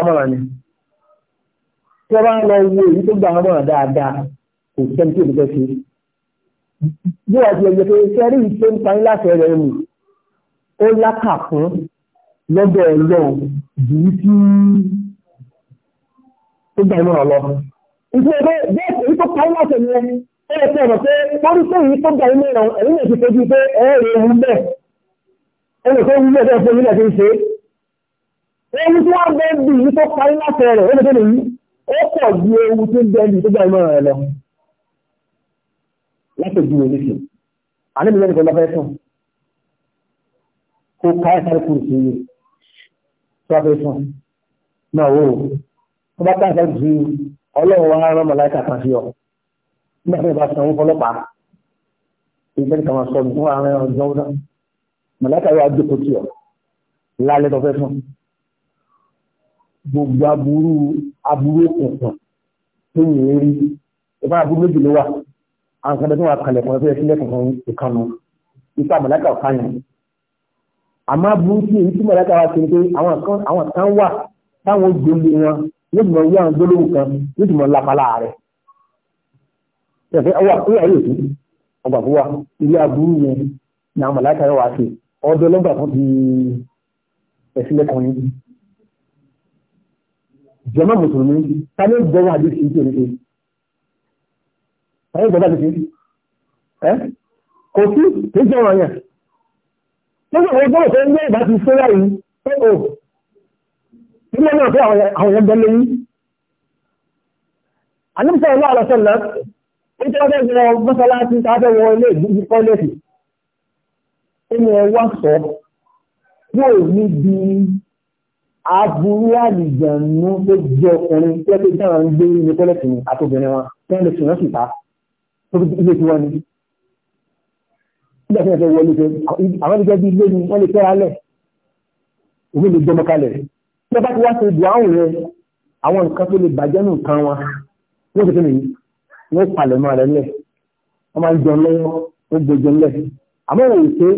tí wọ́n bá ń lọ wo èyí tó gbà wọ́n mọ̀ dáadáa kò sẹ́ni tí òbíkẹ́ ṣe. bí wàá ti lè yẹ pé sẹ́rí yìí tó ń parí láti ẹ̀rẹ̀ ẹ̀mí ó lákà fún lọ́dọ̀ ọlọ́run jù ú sí tó gbà wọ́n lọ. ìṣe pé bẹ́ẹ̀ èyí tó parí láti ẹ̀rẹ̀ ẹ̀ ẹ̀ tẹ̀ ọ̀rọ̀ pé wọ́n tó yìí tó gbà wọ́n lọ ẹ̀yìn náà ti fojú pé ẹ̀ rẹ̀ wú bẹ́ẹ̀ ẹ̀ rẹ̀ wú bẹ́ẹ̀ fún ilẹ̀ tó ń ṣe. ẹni tí wọ́n bẹ́ẹ̀ bì í tó parí láti ẹ̀rẹ̀ ẹ̀ ó pọ̀ ju ewu tó ń bẹ ní tó gbà ìmọ̀ràn rẹ lọ láti ju èyí sí àníbi lẹ́nu kan lọ́fẹ́ sùn kó ká ẹ̀ka ló kúrò sí iye tó wá fẹ́ sùn náà wò ó tó bá ká ẹ̀ka ló sí ọlọ́run wa rán màláìka kan sí ọ nígbà tó bá sanwó fọlọ́pàá ìgbẹ́ni kan sọ fún àárín ọjọ́ náà màláìka yóò adókòtì ọ lálẹ́ tó fẹ́ sùn gbogbo aburú aburú òkùnkùn tó ń rí ìfá aburú méjì ló wà àwọn kan tó wà kalẹ̀ kan tó yẹ sílẹ̀ kankan ìkànnù ipa mọ̀láka ọ̀kanyà àmọ́ aburú tí èyí tí mọ̀láka wa ṣe ń pé àwọn kan wà táwọn gbòòlù wọn yóò mọ̀ wí àwọn gbólóhùn kan yóò sì mọ̀ lápalá rẹ̀ ṣẹ̀fẹ̀ ọwọ́ àkúrò ayé òtún ọgbà fún wa ilé aburú yẹn ni àwọn mọ̀láka yẹn wà ṣe ọdọ lọ́gbà fún ti ẹ̀sílẹ̀ kan yìí jàmá mùsùlùmí tani gbọ́wọ́ àdìsí ní tòlùkè tani gbọ́wọ́ àdìsí ní ẹ́ kò sí kì í jẹ́ ọ̀rọ̀ yẹn lọ́sọ̀ àwọn gbọ́dọ̀ fẹ́ ń gbé ìbá ti sóyà yìí pé o nígbà náà fẹ́ àwọn yẹn bẹ́ẹ̀ lẹ́yìn ànímsọ ìlú àlọ́sọ̀ náà ó jẹ́ ọdẹ ìwọ mọ́sálásí tá a fẹ́ wọ ilé ìdíjú kọ́lẹ́sì ó ní ẹ wá sọ yóò ní bíi aburú àlìjànú ló jẹ ọkùnrin tí wọ́n ti dáhùn ń gbé ní tọ́lẹ̀tì ni àtòbìnrin wọn tí wọ́n lè sùn lọ́sì ta tó fi ilé tí wọ́n ní. nígbà tí wọ́n fẹ́ wọlé fẹ́ àwọn ilé bí ilé ni wọ́n lè fẹ́ra lẹ̀ òun lè gbọmọ kalẹ̀. tí wọ́n bá ti wá ṣe ìdù àwọn rẹ àwọn nǹkan tó lè bàjẹ́ nù kan wọn wọ́n ti tẹ́lẹ̀ yìí wọ́n palẹ̀ mọ́ rẹ̀ lẹ̀ wọ́n máa ń jẹun lẹ́yìn wọ́n gbẹ̀jẹ̀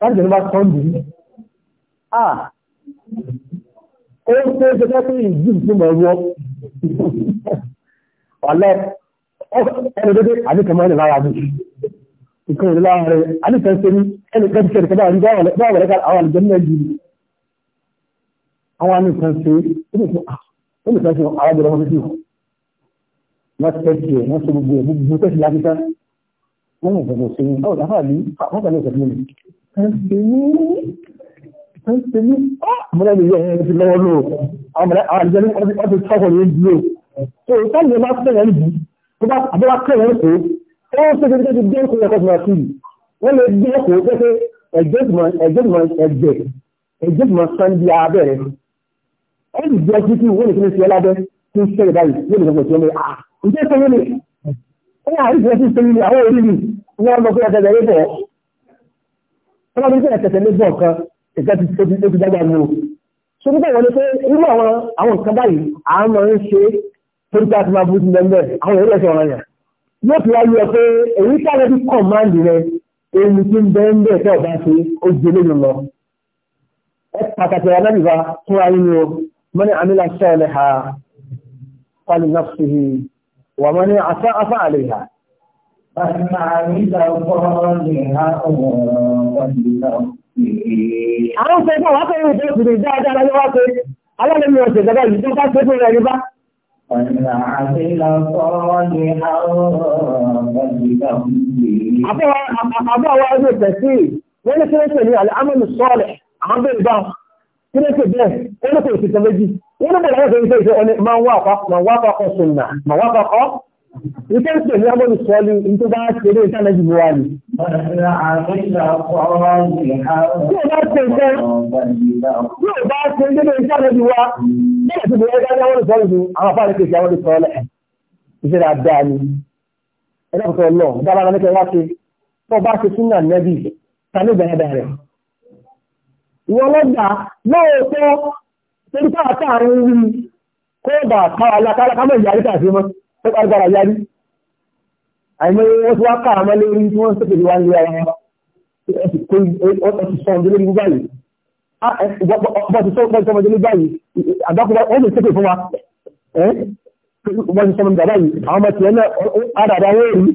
láti ìjọba sọ́ndì ní à ó ń pé ṣe fẹ́ ìjìm tí mọ̀ wọ́ ọ̀lẹ́ ẹni dédé àdíkẹ̀mọ́ ẹni lára mi ìkan ìlú lára rẹ̀ àdíkẹ̀ ń sẹ́ni ẹni kẹ́ ṣe ìkẹ́bà ní báwọn ẹ̀ka àwọn àlùjẹ́ náà jù àwọn àníkan Wọ́n lè gbé ẹ̀kọ́ pẹ́pẹ́ ẹ̀jẹ́ ìmọ̀ sáńdí abẹ́rẹ́. Ẹni jẹ́ sí kí wọ́n lè fi ṣe ọlábẹ́ tí ń ṣẹ́rẹ̀ báyìí yóò lè fọ́pọ̀ tí ó lè àà. Ìjẹ́ sẹ́yìn ni, ó yà àríṣẹ́ sí sẹ́yìn ni àwọn orílẹ̀-èdè wọ́n lọ fún ẹgbẹ̀rẹ̀ tọ́lá bí sẹ́yìn tẹ̀sẹ̀ lébọ̀ kan ìgbà tí ó ti dágbà mú o so nígbà wọlé pé irú àwọn àwọn nǹkan báyìí àmọ́ ń ṣe torí pé a ti máa burú sílẹ̀ ńbẹ̀ àwọn èèyàn lẹ́sẹ̀ ọ̀ràn yẹn yóò fi wáyé pé èyí tí àwọn ẹbí kàn máa ń dì rẹ èyí tí ń bẹ ń bẹ̀ tẹ́ ọ̀bá ṣe ó jẹ lé lọ ẹ pàtàkì ọ̀rọ̀ náà fún ayé ni o mọ́ni amílà sọ́ọ̀lẹ̀ ha pálí náà fi wà mọ́ni afá àlè ha من عمل صالحا Àwọn ṣe bọ́ wákọ̀ yóò ṣe ìpìlẹ̀ dáadáa lọ́wọ́ wá pé ọ̀sẹ̀ ìjọba ìlú tó bá ṣe fún wa bá ṣe Ìké ń pè ní Amọ́lù Sọ́lú tó bá ṣeré ìtànẹ́jì bó wà ní. Tí ó bá ṣe ìtẹ́, tí ó bá ṣe ìdébé ìtànẹ́jì wá, ní ẹ̀sùn bí ẹgbẹ́ Amọ́lù Sọ́lú, àwọn afárẹ́ kèsì Amọ́lù Sọ́lú ẹ̀. Iṣẹ́ dáadáa ni. Ẹgbẹ́ kòtò lọ, dábàá ní kẹwàá ṣe, tó bá ṣe súnà nẹ́bì, ta ní ìbẹ̀rẹ̀ rẹ̀. Ìwọ́n lọ́gbà lóòótọ́, torí káàkiri kó bà káwà lákàlákà mọ̀ ìyàrí tó pàgbára yárí àìmọ́ wọ́n ti wá ká àmọ́ lórí tí wọ́n sọ̀tẹ̀ wá ní ara wọn ọtí sọ ọdún lórí báyìí bọ́ọ̀tì sọ ọdún lórí báyìí àdákùnrin wọ́n ti sọ̀tẹ̀ fún wa wọ́n ti sọ ọdún báyìí àwọn ọmọ tiẹ̀ náà àdàdà wọ́n rí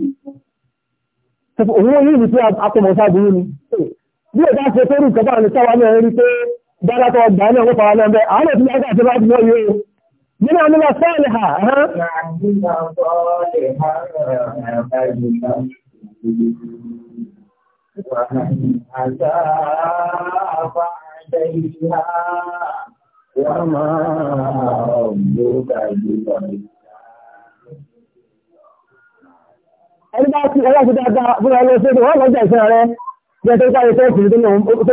òun yóò rí pé akọmọ̀ sáàbùrú ni bí ẹ̀dá ṣe tó rí ìkọ́bà ní sáwà náà rí pé dáadáa tó ọgbà من عمل صالحا ومن ẹni bá ti ọlá dáadáa fún ọlọ́ ṣe ni wọ́n lọ́jà ìṣẹ́ rẹ̀ jẹ́ tó káyẹ tẹ́ẹ̀sì tó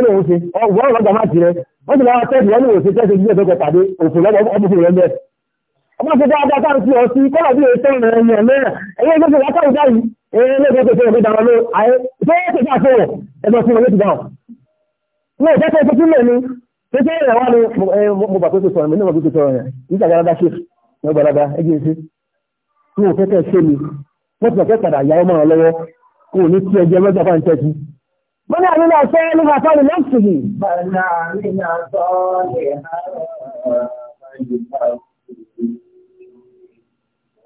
lè ń ṣe ọgbọ̀n lọ́jà máa ti rẹ̀ wọ́n ti lọ́wọ́ tẹ́ẹ̀sì wọ́n lè ṣe tẹ́ẹ̀sì jíjẹ́ kọ́mọ̀ tó dáadáa sáà sí ọ̀sí kọ́lọ̀ bí èso ìrìn ẹ̀yìn ẹ̀mẹ́rẹ̀ ẹ̀yẹ́ ìgbésẹ̀ látàrí báyìí ẹ̀yẹ́ lẹ́gbẹ̀ẹ́ tó fẹ́rẹ̀ dáwọn ló ayé tó yẹ́ tó dáa fẹ́rẹ̀ ẹgbẹ́ fún olóòtú dáwọn. ní ìjẹ́ tó tún lè ní tó tẹ́ ìrẹ̀ wá ní mo bà tó tó sọ̀rọ̀ mi ní mo tó sọ̀rọ̀ yẹn nígbà gbàdá ṣe mo gbàdá ẹgbẹ́ ṣe tí mo fẹ́kẹ́ ṣe mi wọ́n ti mọ̀ kẹ́kẹ́ padà yà ọmọ rẹ̀ lọ́wọ́ kò ní tí ẹjẹ́ mẹ́ta bá ń tẹ́ sí. mo ní àmì náà sọ nípa sọ́ọ̀lì lọ́sùn yìí. bàbá mi náà sọ ọ́ lè hàn án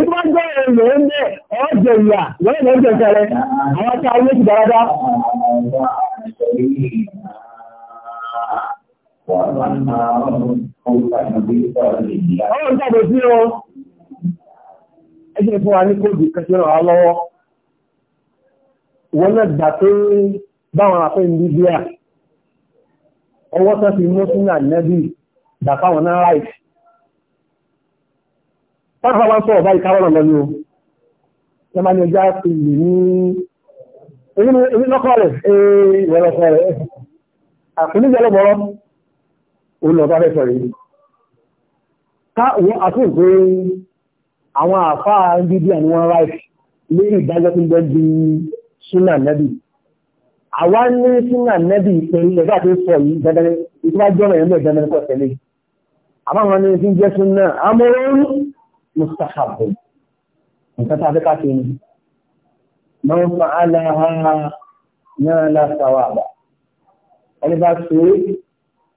Ìgbà jẹ́ ń bẹ́ ọjọ́ ìyà lọ́yìn lọ́jọ́ ìṣẹ̀lẹ̀, àwọn tí a yé ti dáadáa. Ọlọ́run jáde sí o. Ẹgbẹ́ fún wa ní kóòdù kẹsìrọ̀ wa Wọ́n náà gbà pé báwọn afẹ́ ní Bíbíà, ọwọ́ sọ́sì mú sínú náà láìsí. Fáfá wá ń sọ̀rọ̀ báyìí káwọ́ lọ ní o. Ṣé máa ní ọjọ́ àti ìlú ní èyí lọ́kọ̀ rẹ̀ ee ìwọ lọ́kọ̀ rẹ̀. Àkùnrin jẹ́ lọ́bọ̀rọ̀ òun lọ́ba fẹ́ sọ̀rọ̀ yìí. Ká òun àtúntò pé àwọn àfáà ń dídí àwọn wọn ráìsì lórí ìdájọ́ tó ń bẹ́ di súnà nẹ́bì. Àwa ní súnà nẹ́bì ìpínlẹ̀ nígbà tó sọ yìí dandan ìtura jọ́rọ̀ yẹn bẹ̀ dandan kọ̀ tẹ́lẹ̀. Àmọ́ àwọn ti ń jẹ́ súnà. Àmọ́ mustahabu nǹkan tá a fẹ́ ká ṣe ni man fa'alaha nala sawaba ẹni bá ṣe é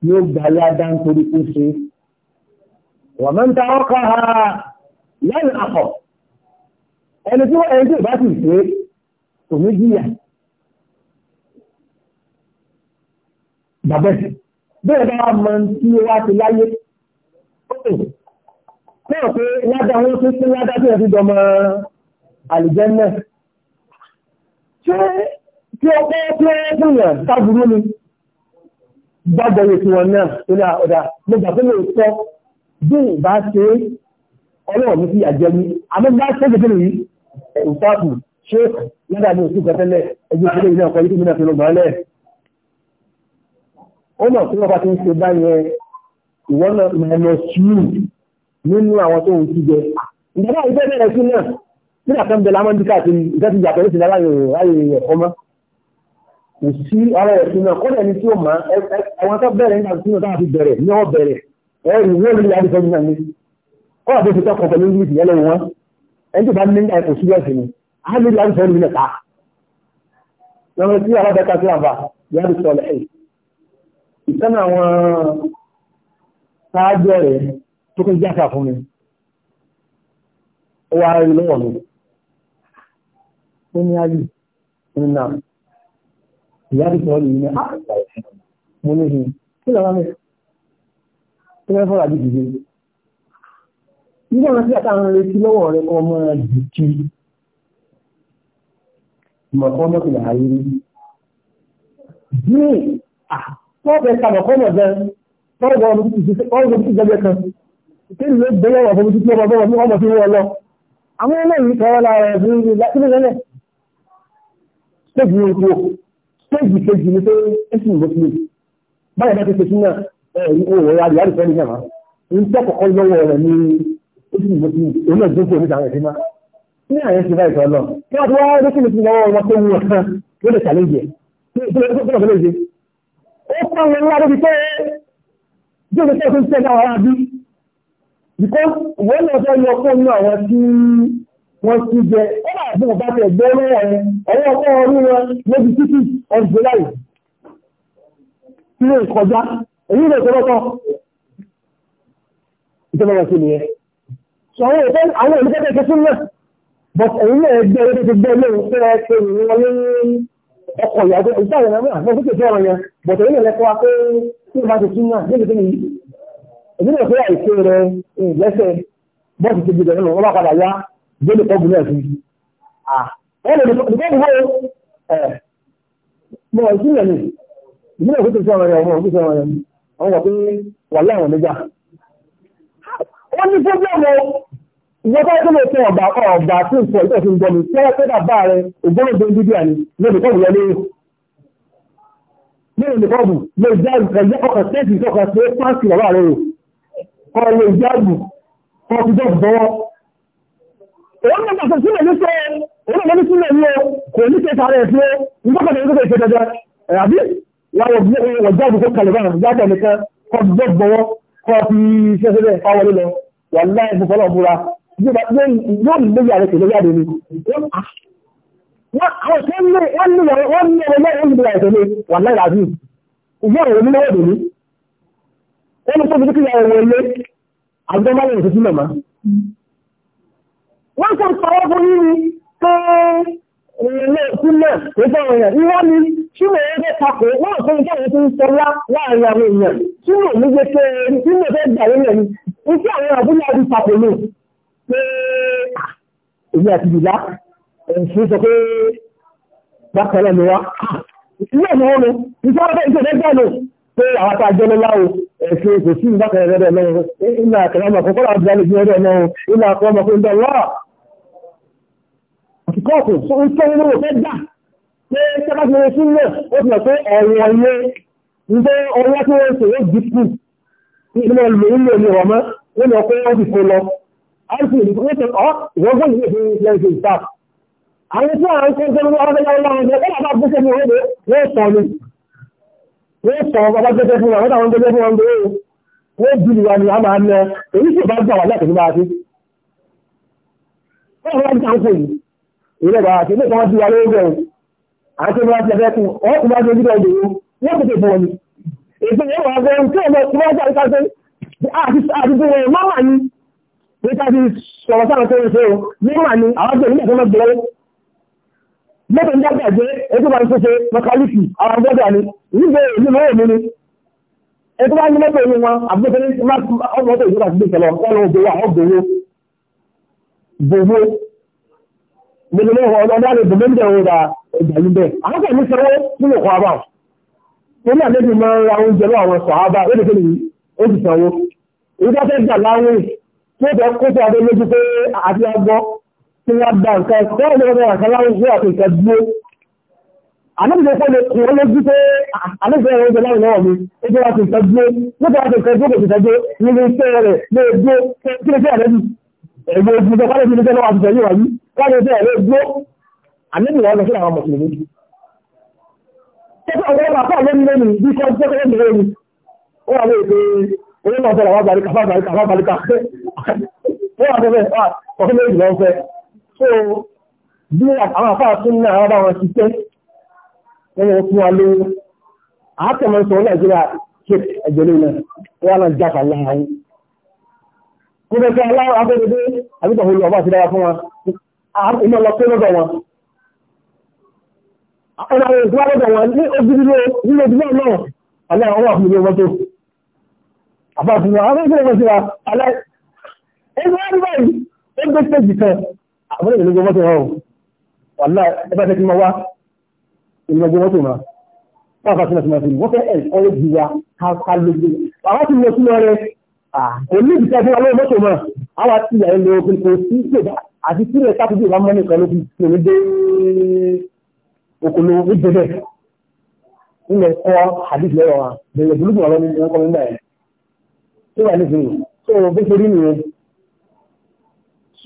yóò gbà ládá nítorí kó ṣe wa man tarakaha lẹ́yìn akọ̀ ẹni tí wọ́n ẹni tí ò bá sì ṣe kò ní jìyà bàbẹ́ bẹ́ẹ̀ bá mọ tí wá ti láyé ó náà pé ládà wọn tó sí ládà tí wọ́n fi dọmọ àlùjẹ́ náà ṣé tí ó pẹ́ tí ó fún yàn sábúrú ni gbọ́dọ̀ yìí fún wọn náà tó ní ọ̀dà mo gbà pé mo sọ bí ìbá ṣe ọlọ́wọ̀ mi fi àjẹ mi àmọ́ bá ṣe kékeré yìí ìsáàbù ṣé ládà mi ò sí gbẹ́tẹ́lẹ̀ ẹgbẹ́ ìṣẹ́lẹ̀ yìí náà kọ́ yìí tó mi náà fi lọ gbọ́n lẹ̀ ó mọ̀ tí wọ́n bá ti ń ṣe báyẹn ìwọ́n náà mọ̀ ọ́ nínú àwọn tó ń ti jẹ ìjọba ìgbẹ́ bẹ̀rẹ̀ sí náà nígbà tó ń bẹ lámọ́ díkà tí ìjọ ti yàtọ̀ ìsìn láyé ráyè ẹ̀kọ́ mọ́ kò sí ara ẹ̀sìn náà kọ́dà ní tí ó máa àwọn tó bẹ̀rẹ̀ nígbà tí wọ́n ti bẹ̀rẹ̀ ní wọ́n bẹ̀rẹ̀ ẹ̀rù wọ́n rí adìsọ́ nígbà ní kọ́dà tó ti tọ́ kọ̀ọ̀kan ní english yẹlẹ̀ wọn ẹni tó bá ní nígbà kò síbẹ̀ sí ni a lè rí adìsọ́ nígbà ta lọ́wọ́ tí alábẹ́ ká sí àbá yàrá ìsọ̀lẹ̀ ìtẹ́nà àwọn sáájọ́ rẹ̀ tó kó jáka fún mi ó wá rí lọ́wọ́ mi ó ní àlì nínú náà ìyáàdì sọ lè ní àgbà mo ní hin ah, kí lọ́wọ́ mi tó fẹ́ fọ́ra bí dìde nígbà wọn sí àtàwọn retí lọ́wọ́ rẹ kọ́ mọ́ dìkì mọ̀kọ́ mọ́kùnrin kéèlì ló gbé lọ́wọ́ fún títí ọmọ fún ọmọ fún wọn lọ àwọn eléyìí kọ́wọ́ lára ẹ̀fún ní ìlú lẹ́lẹ̀ stéèjì ní ìkúrò stéèjì kejì ní pé ẹ̀sìn ìbò báyìí bá ti ṣe sínú náà jókòó níta rẹ̀ sí má because wọ́n I was lọ fún inú àwọn tí wọ́n ti jẹ the àbúrò bá tẹ̀ gbọ́ lọ́wọ́ rẹ ọwọ́ ọkọ̀ orí wọn lóbi títí on July tí ó kọjá èyí lè tọ́lọ́ tán ìjọba wọn sí nìyẹn so àwọn I àwọn ìlú kẹ́kẹ́ tún náà but èyí náà gbé ẹgbẹ́ tó gbé lóhùn fẹ́ ṣe ìwọlé ọkọ̀ ìyàgbé ìtàwọn ọmọ náà fún kékeré ọ̀rọ̀ yẹn but èyí náà lẹ́kọ́ wa pé tí ó bá ti tún náà ìdílé ìpínlẹ̀ ìṣe rẹ̀ ìgbésẹ̀ bọ́ọ̀sì ti gbèdẹ̀ nínú ọlọ́pàá padà yá gbélé kọ́gùn náà sí. wọ́n lè dùkọ́ ìwé ẹ̀ mọ̀ ìṣúlẹ̀ ni ìdílé ìpínlẹ̀ ìṣe ọ̀rẹ́ ọmọ òkú sọ̀rọ̀ ẹ̀mí wọ́n wọ̀ pé wà láwọn méjà. wọ́n ní fúnbẹ́ẹ̀mù ìjọba tó lè fún ọ̀gbà ọ̀gbà tí ń sọ ìtọ́sí ń bọ̀ ní tẹ́lẹ̀ pé bàbá rẹ̀ ògbóǹde ń dídí àní lórí kọ́ọ̀bù yẹn lórí. lórí kọ́ọ̀bù lè jẹ́ ìkànnì ọkọ̀ tẹ́sí ìkọ̀kọ̀ tó pàṣẹ bàbá rẹ̀ rò ọ̀rọ̀ ìjáàbù kan ti jọ́bù bọ́wọ́. Òun náà pàṣẹ sílẹ̀ ní pé òun náà ní sílẹ̀ ní o kò ní ṣe sáré ẹ̀fẹ́ nígbàkọ̀tẹ̀ nígbàkọ̀ ìṣe dandan ẹ̀yàbí láwọ̀ ìjáàbù kó kalẹ̀ báyìí jáde nìkan kan ti jọ́bù bọ́wọ́ kan fi ṣe ṣe bẹ́ẹ̀ fáwọlé lọ wà láì fún fọlọ́ búra yóò lè yàrá kò lórí àdé ni. Wọ́n ní ọ̀rọ̀ lẹ́yìn ìgbìyànjú wà láì wọ́n tó bí kíyà ẹ̀wọ̀ ilé àjọmáyẹ̀ ìṣẹ́sí màmá wọ́n tó sọ́wọ́ fún yìí pé ilé òkú náà tó bá ọ̀yàn ìwọ́n ni ṣúmọ̀ ẹgbẹ́ takò wọ́n tó ń jẹ́ tó ń sọ láàrin àwọn èèyàn ṣúmọ̀ ní jẹ́ pé ṣúmọ̀ fẹ́ gbà yẹn ni iṣẹ́ àwọn àbúlé àti takò lò pé èmi àti ìlà ẹ̀sùn sọ pé bákan náà ni wá ilé ìwọ́n ni ìṣẹ́ ọ̀fẹ́ ìṣẹ́ pé àwọn tá a jẹ́ lọ́láwo ẹ̀sìn kò sí ìbákan ẹ̀rọ ẹ̀rọ ẹ̀rọ ìlà àkàràmọ̀ kọ́kọ́ láti dá lójú ẹ̀rọ ẹ̀rọ ìlà àkàràmọ̀ kó ń dá lọ́wọ́ àtìkọ́ọ̀kù tó ń tó ń fẹ́ gbà pé tẹ́bá ti rẹ̀ sílẹ̀ ó ti lọ pé ọ̀rọ̀ ilé ndé ọwọ́ tí wọ́n ṣe ó jù kù nínú ìlú ìlú ìlú ọmọ nínú ọkọ̀ ó ti kó lọ àìsí ìlú pé ọ ìwọ́gbọ́n ìlú ìlú ìlú ìlú ìta àwọn tí wọ́n ń kó wọ́n sọ̀rọ̀ bàbá gbẹ́gbẹ́ fún wa wọ́n táwọn gbẹ́gbẹ́ fún wọn gbé wọ́n jùlù wa ni a máa nẹ èyí tí ó bá gbà wà láti nígbà tí wọ́n wá ń tàǹkò yìí ìrẹ́ bàbá tí wọ́n ti wà lóògbé o àti wọ́n ti lẹ́fẹ́ fún ọ́ kí wọ́n ti gbígbà òdòdó wọ́n ti tètè wọn ni èdè yẹn wà gbọ́n tí wọ́n ti wọ́n jáde káṣẹ́ àti tó wọ́n máa wà ní pé ká ti mọ́tò ń dágbà jẹ́ ẹgbẹ́ bá ń ṣe mọ́kálífì àwọn agbọ́dà ni nígbà èyí lọ́wọ́ mi ni ẹgbẹ́ bá ní mọ́tò yìí wọn àgbẹ̀tẹ̀ ní mọ́tò ìjọba àti ìṣẹ̀lẹ̀ ọ̀pọ̀lọ̀ ògbówó àwọn ògbówó gbogbo gbogbo lọ́wọ́ ọ̀dọ́ àti ìbùdó ń bẹ̀rù ra ẹ̀gbà yìí bẹ́ẹ̀ àwọn kò ní sọ́wọ́ nínú ọkọ̀ àbá torí àlejò máa ń ra oúnjẹ lọ́wọ́ àwọn ọkọ̀ àbá ó lè fẹ́ nìyí ó sì sanwó èyí bá fẹ́ gbà tí wọ́n gba nǹkan ẹ̀kọ́ ìlọ́wọ́ àkàn láwọn ìṣẹ́ àti ìkẹ́ dúró. Àlejò kọ́ lè kún lójú pé àlejò ẹ̀rọ ìjọba ìlọ́wọ́ mi, ó jẹ́ láti ìkẹ́ dúró, nípa láti ìkẹ́ dúró kò sì tẹ́jú nínú iṣẹ́ rẹ̀ lè dúró kí lè fẹ́ àlejò. Ẹ̀rọ ìjọba kálẹ̀ fi níṣẹ́ lọ́wọ́ àtìṣẹ́ yìí wáyé, kálẹ̀ fẹ́ ẹ̀rọ dúró. Àlejò wọn lọ sí àwọn mùsùlùmí. Tẹ́tẹ́ ọ̀gá ọ̀gá àpá lónìí lónìí bí kọ́ tẹ́tẹ́ lónìí ó wà lóye pé onímọ̀ ọ̀sẹ̀ làwọn àgbàríkà fún àgbàríkà fún àgbàríkà. Wọ́n wà fẹ́ fẹ́ ọ̀fẹ́ lóye jùlọ fẹ́ so bí àwọn afáà tún ní àwọn bá wọn ti pẹ́ wọ́n yẹ fún wa lówó àátẹ̀mọ́ sọ nàìjíríà kip ẹgbẹ̀lẹ́ náà wọ́n náà jáfà láàárín kó bẹ́ẹ̀ kí aláwọ̀ abẹ́rẹ́dẹ́ àbíkọ̀ olú ọba ti dára fún wa iná lọ pé lọ́dọ̀ wọn ọ̀nà àwọn ìgbà lọ́dọ̀ wọn ní ojúdúró nílé ìdílé náà alẹ́ àwọn wà fún ilé wọn tó àbáfin wọn àwọn ìgbà lọ́dọ̀ wọn ti wà alẹ́ ẹgbẹ́ ẹgbẹ́ àbúrò ìlú mọ́tò wọn o wàlá ẹgbẹ́ ti mọ wá ìlú mọ́tò wọn wọn fà sílẹ̀ sílẹ̀ sílẹ̀ wọ́n fẹ́ ẹ̀ ọ̀rẹ́ ju wa ká lójú àwọn ti lọ sílẹ̀ rẹ kò ní fún wa mọ́tò wọn àwọn àti ìyá ẹ̀lò òkun kò sí ìgbà àti sílẹ̀ sáfìdì ìwà mọ́ nìkan ló fi tòun dé òkòlò níjẹ̀bẹ̀ nílẹ̀ kọ́ àdìs lọ́wọ́ wa bẹ̀rẹ̀ bùlùbù ọ̀rọ̀ ní ọkọ̀ nígbà yẹn tó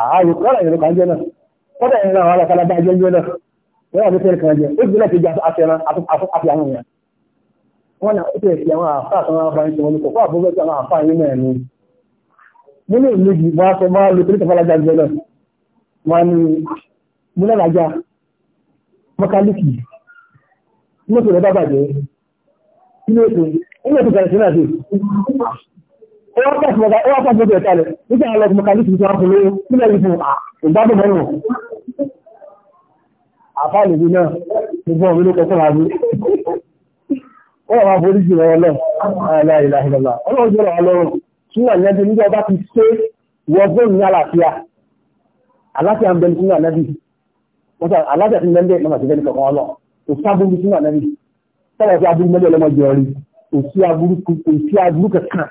ààyè kọ́lá ìrìn kan jẹ́ náà kọ́lá ìrìn àwọn alákàlábá jẹ́ jẹ́ náà wọ́n àti fẹ́rẹ̀ kan jẹ́ ó jùlọ ti jẹ́ àfihàn àti àwọn èèyàn wọ́n náà ó ti fi àwọn àfáà kan wọ́n bá ń ṣe wọn kò fún àbúrò tí àwọn àfáà yìí náà ni nínú ìlúgi wọ́n á sọ máa lo kìrìtà fọlájà jẹ́ náà wọ́n ní múlẹ́lájà mọ́kálíkì mọ́tò rẹ̀ bá bàjẹ́ ilé ètò ilé ètò kẹrẹsì náà ó wá pàṣẹ ọ̀gá ó wá pàṣẹ ọ̀gá ìtàlẹ̀ nígbà àwọn ọkùnrin kan nítorí wọn fòlówó nílẹ̀ yìí fún ìgbádùn mọ́nà àfáàlì bí náà gbogbo ọ̀rọ̀ ló kọ́kọ́ láàbí ó wà máa forí jù lọ́wọ́ lọ aláìláìlọ́lá ọlọ́run jẹ́ ọ̀rọ̀ lọ́rùn súnà lẹ́bí nígbà bá ti ṣe wọ́gbọ́n ní àlàáfíà àlàáfíà ń bẹni súnà lẹ́bí wọ́n sọ àlàáfíà ti lẹ́bí náà ti bẹni kọ̀ọ̀kan lọ kò sí aburú súnà lẹ́bí sọ́wọ́ sí aburú mẹ́lẹ́ ọlọ́mọ jẹ́ ọrí kò sí aburú kankan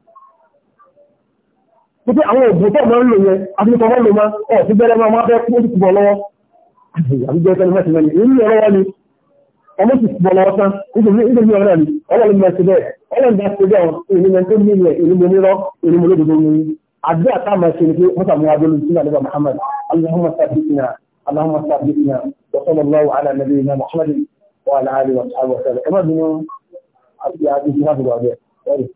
Títí àwọn òògùn tó máa ń lò yẹn, àfihàn máa ń lò máa ọ̀ sí bẹ́rẹ̀ máa máa fẹ́ kú ó sì bọ̀ lọ́wọ́. Àbíjẹ́ ẹ̀sẹ̀ mẹ́sìn mẹ́ni, èyí ni ọlọ́wọ́ ni, ọmọ sì bọ̀ lọ́wọ́ tán, nítorí ọ̀rẹ́ ni, ọlọ́run máa ṣe bẹ́ẹ̀, ọlọ́run bá ṣe bẹ́ẹ̀ èyí ni tó ní ilẹ̀ èyí mo nírọ́, èyí mo lódodo ni. Àbí àtà máa ṣe ni pé wọ́n sàmú adé lójú sílẹ̀ Muhammad, Allahumma sabbitna, Allahumma sabbitna, wa sallallahu ala nabiyyina Muhammadin wa ala alihi wa